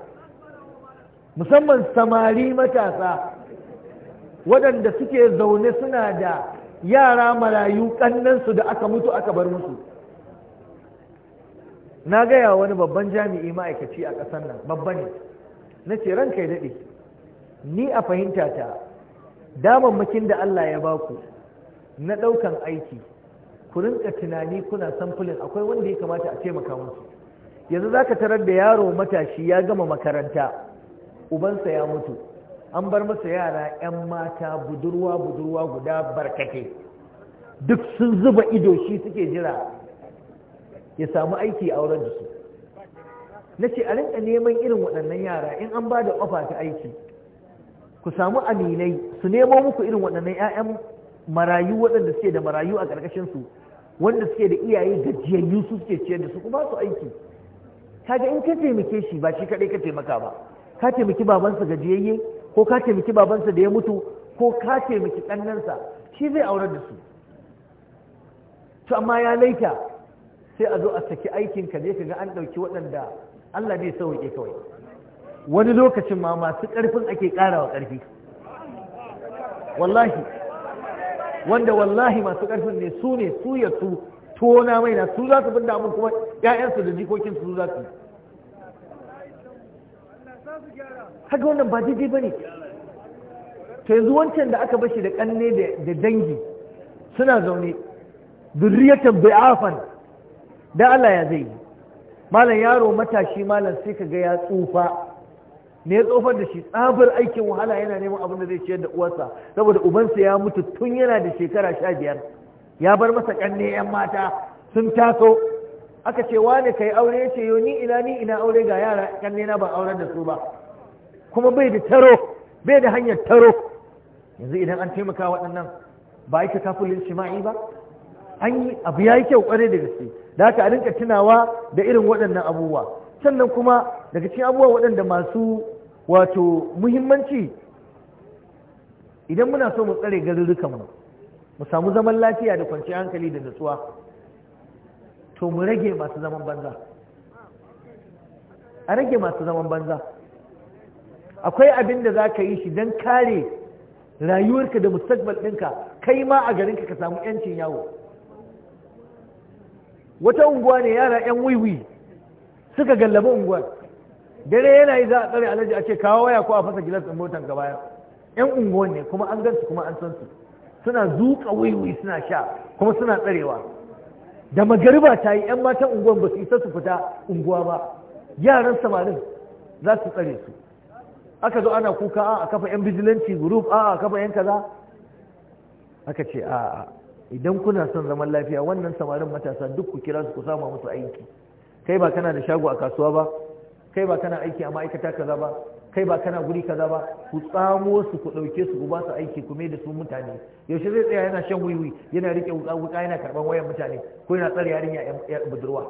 Speaker 1: musamman samari matasa waɗanda suke zaune suna da yara marayu ƙannansu da aka mutu aka bar musu na gaya wani babban jami'i ma'aikaci a ƙasar nan babba ne na ce ranka ya daɗe ni a fahimta ta damammakin da Allah ya baku na ɗaukan aiki ku rinka tunani kuna samfulin akwai wanda ya kamata a taimaka musu yanzu za ka tarar da yaro matashi ya gama makaranta ubansa ya mutu an bar masa yara 'yan mata budurwa budurwa guda barkake duk sun zuba ido shi suke jira ya samu aiki a wurin su na ce a rinka neman irin waɗannan yara in an ba da ofa ta aiki ku samu aminai su nemo muku irin waɗannan 'ya'yan marayu waɗanda suke da marayu a su wanda suke da iyaye gajiyayyu su suke ciyar da su kuma su aiki kaga in ka taimake shi ba shi kaɗai ka taimaka ba ka taimaki babansa gajiyayye ko ka taimaki babansa da ya mutu ko ka taimaki ɗannansa. shi zai aurar da su to amma ya laita sai a zo a saki aikin ka ne ka ga an ɗauki waɗanda Allah zai sauke kawai wani lokacin ma masu ƙarfin ake ƙarawa ƙarfi wallahi wanda wallahi masu ƙarfin ne su ne su ya su tona mai na su za su bin damun kuma 'ya'yansu da jikokinsu su za su yi kaga wannan ba daidai bane to yanzu wancan da aka bashi da kanne da dangi suna zaune zurriyatan a'fan. da Allah ya zai malam yaro matashi malam sai ka ga ya tsufa ne ya tsofar da shi tsabar aikin wahala yana neman abin da zai ciyar da uwarsa saboda ubansa ya mutu tun yana da shekara sha biyar ya bar masa kanne yan mata sun taso aka ce wane kai aure ya ce yo ni ina ni ina aure ga yara kanne na ba aurar da su ba kuma bai da taro bai da hanyar taro yanzu idan an taimaka waɗannan ba yi takafulin shima'i ba an yi abu ya yi kyau ƙwarai da gaske da haka a rinka tunawa da irin waɗannan abubuwa sannan kuma daga cikin abubuwa waɗanda masu wato muhimmanci idan muna so mu tsare mu mu samu zaman lafiya da kwanciyar hankali da nutsuwa to mu rage masu zaman banza a rage masu zaman banza akwai abin da za ka yi shi don kare rayuwarka da mustakbal ɗinka kai ma a garinka ka samu yancin yawo wata unguwa ne yara yan wiwi suka gallaba unguwa dare yana yi za a tsare alaji a ce kawo waya ko a fasa gilas ɗin motar gaba yan unguwan ne kuma an gansu kuma an san suna zuƙa wiwi suna sha kuma suna tsarewa da magariba ta yi yan matan unguwan ba su isa su fita unguwa ba yaran samarin za su tsare su aka zo ana kuka a kafa yan bijilanci group a kafa yan kaza aka ce a idan kuna son zaman lafiya wannan samarin matasa duk ku kira su ku sama musu aiki kai ba kana da shago a kasuwa ba kai ba kana aiki a ma'aikata kaza ba kai ba kana guri kaza ba ku tsamo su ku ɗauke su ku ba su aiki ku mai da su mutane yaushe zai tsaya yana shan wiwi yana riƙe wuka wuka yana karɓar wayan mutane ko yana tsare yarinya ya budurwa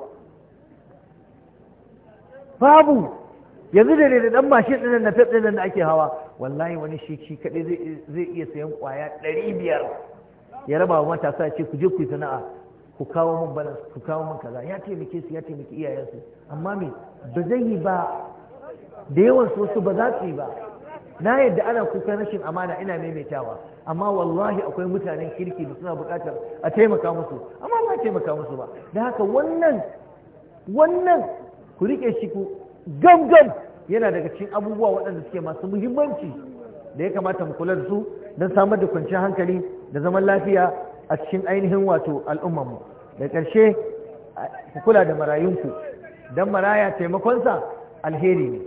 Speaker 1: babu yanzu da da dan mashin ɗin na fef ɗin da ake hawa wallahi wani shi shi kaɗai zai iya sayan ƙwaya ɗari ya raba wa matasa ce ku je ku yi sana'a ku kawo mun bana ku kawo mun kaza ya taimake su ya taimaki iyayensu amma me ba zai yi ba da yawan su su ba za su yi ba na yadda ana kuka rashin amana ina maimaitawa amma wallahi akwai mutanen kirki da suna buƙatar a taimaka musu amma ba a taimaka musu ba da haka wannan wannan ku rike shi ku gam gam yana daga cikin abubuwa waɗanda suke masu muhimmanci da ya kamata mu kula da su don samar da kwanciyar hankali da zaman lafiya a cikin ainihin wato al'ummarmu da ƙarshe ku kula da marayunku don maraya taimakonsa alheri ne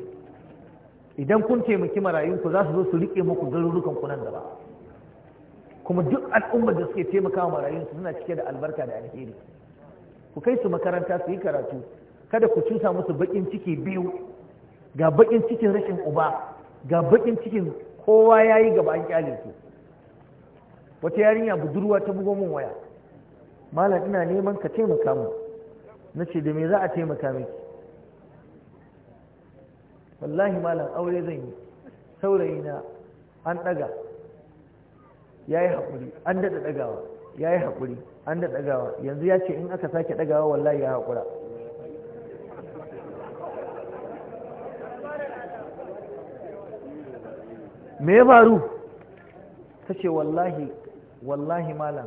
Speaker 1: idan kun taimaki marayunku za su zo su riƙe muku garurukan ku nan gaba kuma duk al'ummar da suke taimaka wa marayunsu suna cike da albarka da alheri ku kai su makaranta su yi karatu kada ku cusa musu bakin ciki biyu ga bakin cikin rashin uba ga bakin cikin kowa ya yi gaba an kyale su wata yarinya budurwa ta bugo min waya malam ina neman ka taimaka mu na ce da me za a taimaka miki wallahi malam aure zan yi saurayi na an ɗaga ya yi haƙuri an daɗa ɗagawa ya yi haƙuri an daɗa ɗagawa yanzu ya ce in aka sake ɗagawa wallahi ya haƙura me ya faru ta ce wallahi wallahi malam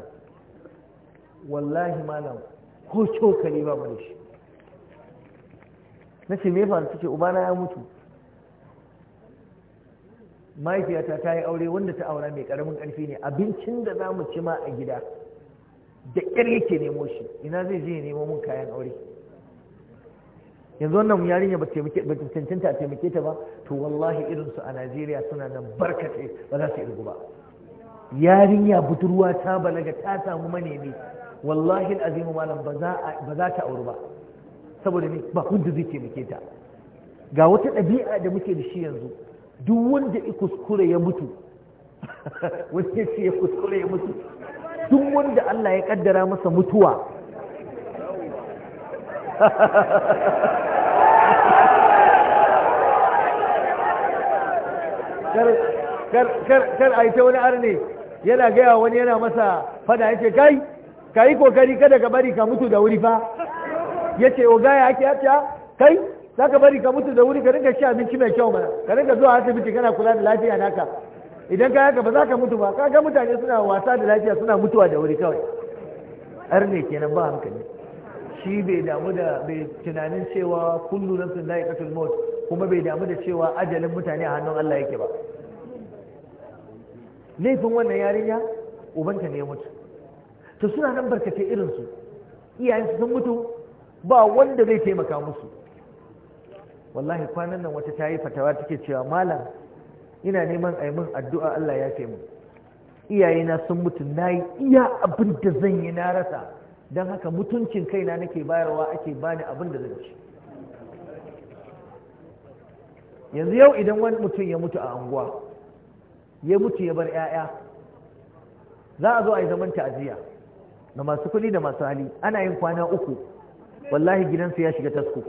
Speaker 1: wallahi malam ko cokali ba da shi na ce me faru ta ce ubana ya mutu mahaifiyata ta yi aure wanda ta aura mai karamin karfi ne abincin da za mu ci ma a gida da ƙyar yake nemo shi ina zai je nemo mun kayan aure yanzu wannan yarinya ba ta cancanta a taimake ta ba to wallahi irinsu a najeriya suna nan barkace ba za su irgu ba yarinya budurwa ta balaga ta samu manemi wallahi azimu malam ba za ta auri ba saboda ne ba wanda zai taimake ta ga wata ɗabi'a da muke da shi yanzu duk wanda ya kuskure ya mutu wanda ce ya kuskure ya mutu duk wanda Allah ya kaddara masa mutuwa kar a yi ta wani arne yana gaya wani yana masa fada yake kai ka yi kokari kada ka bari ka mutu da wuri fa ya ce o gaya ake yafiya ah, kai za ka bari ka mutu da wuri ka rinka ci abinci mai kyau mana ka rinka zuwa asibiti kana kula da lafiya naka idan ka yaka ba za ka mutu ba ka ga mutane suna wasa da lafiya suna mutuwa da wuri kawai arne kenan ba hankali shi bai damu da bai tunanin cewa kullu nafsin za'iqatul mot, kuma bai damu da cewa ajalin mutane a hannun Allah yake ba laifin wannan yarinya ubanta ne ya mutu to suna nan barkace irin su sun mutu ba wanda zai taimaka musu wallahi kwanan nan wata ta yi fatawa take cewa malam ina neman a mun addu'a Allah ya taimu iyayena sun mutu na yi iya abin da zan yi na rasa don haka mutuncin kaina nake bayarwa ake bani abin da zan ci yanzu yau idan wani mutum ya mutu a anguwa ya mutu ya bar 'ya'ya za a zo a yi zaman ta'aziyya da masu kuɗi da masu hali ana yin kwana uku wallahi gidansu ya shiga tasko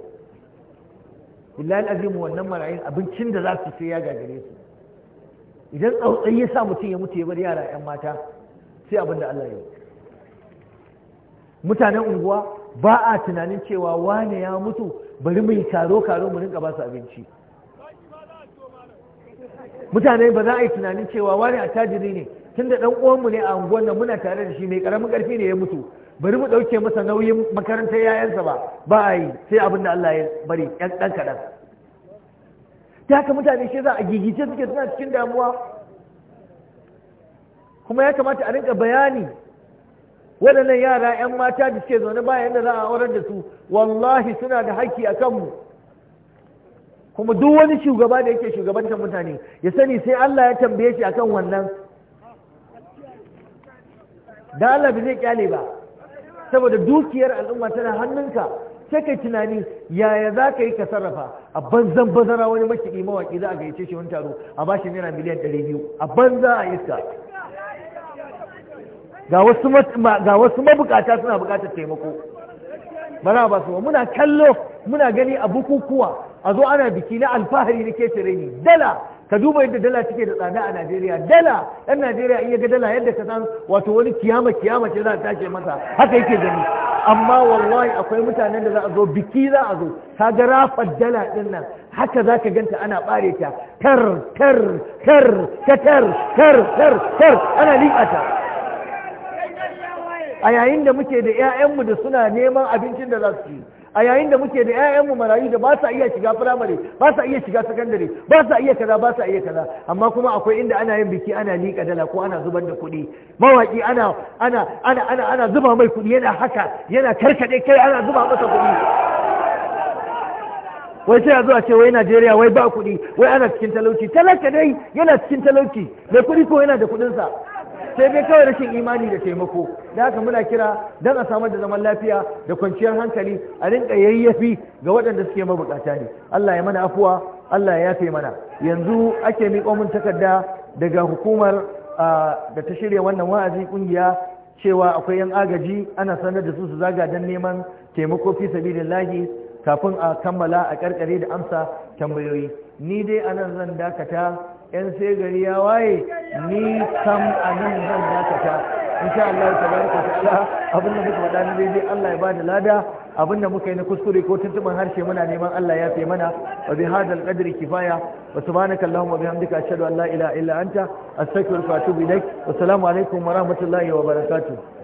Speaker 1: illahi azimu wannan marayin abincin da za su sai ya gagare su idan tsautsayi ya sa mutum ya mutu ya bar yara 'yan mata sai abin da Allah ya yi mutanen unguwa ba a tunanin cewa wane ya mutu bari mu yi karo karo mu rinka ba su abinci mutane ba za a yi tunanin cewa wane a tajiri ne tun da dan uwanmu ne a unguwan nan muna tare da shi mai ƙaramin ƙarfi ne ya mutu bari mu ɗauke masa nauyin makarantar yayansa ba ba a yi sai abin da Allah ya bari ɗan kaɗan ta haka mutane shi za a gigice suke suna cikin damuwa kuma ya kamata a rinka bayani waɗannan yara 'yan mata da suke zaune ba da za a aurar da su wallahi suna da haƙƙi a kanmu kuma duk wani shugaba da yake shugabantar mutane ya sani sai Allah ya tambaye shi akan wannan da Allah zai kyale ba saboda dukiyar al'umma tana hannunka sai kai tunani yaya za ka yi ka sarrafa a banzan bazara wani makiɗi mawaƙi za a gayyace shi wani taro a bashi naira miliyan ɗari biyu a banza a iska ga wasu mabukata suna bukatar taimako bana ba su muna kallo muna gani a bukukuwa a zo ana biki na alfahari na ketare ni dala ka duba yadda dala take da tsada a najeriya dala ɗan najeriya in ya ga dala yadda ka san wato wani kiyama kiyama ce za a tashi masa haka yake gani amma wallahi akwai mutanen da za a zo biki za a zo ka ga rafar dala ɗin nan haka za ka ganta ana ɓare ta tar tar tar tar tar tar tar ana liƙa ta a yayin da muke da 'ya'yanmu da suna neman abincin da za su ci a yayin da muke da 'ya'yanmu marayu da ba sa iya shiga firamare ba sa iya shiga sakandare ba sa iya kaza ba sa iya kaza amma kuma akwai inda ana yin biki ana liƙa dala ko ana zubar da kuɗi mawaƙi ana ana zuba mai kuɗi yana haka yana karkaɗe kai ana zuba masa kuɗi wai sai a zuwa ce wai Najeriya wai ba kuɗi wai ana cikin talauci talaka dai yana cikin talauci mai kuɗi ko yana da kuɗinsa sai dai kawai rashin imani da taimako da haka muna kira don a samar da zaman lafiya da kwanciyar hankali a rinka yayyafi ga waɗanda suke mabukata ne Allah ya mana afuwa Allah ya yafe mana yanzu ake miƙo min takarda daga hukumar da ta shirya wannan wa'azi ƙungiya cewa akwai yan agaji ana sanar da su su zaga don neman taimako fi sabilillahi kafin a kammala a karkare da amsa tambayoyi ni dai anan zan dakata yan sai gari ya waye ni kam a nan zan dakata insha Allah tabaraka ta'ala abin da muka faɗa na daidai Allah ya bada lada abin da muka yi na kuskure ko tuntuban harshe muna neman Allah ya fi mana wa bi hadal qadri kifaya wa subhanaka allahumma wa bihamdika ashhadu an la ilaha illa anta astaghfiruka wa atubu ilaik wa assalamu alaikum wa rahmatullahi wa barakatuh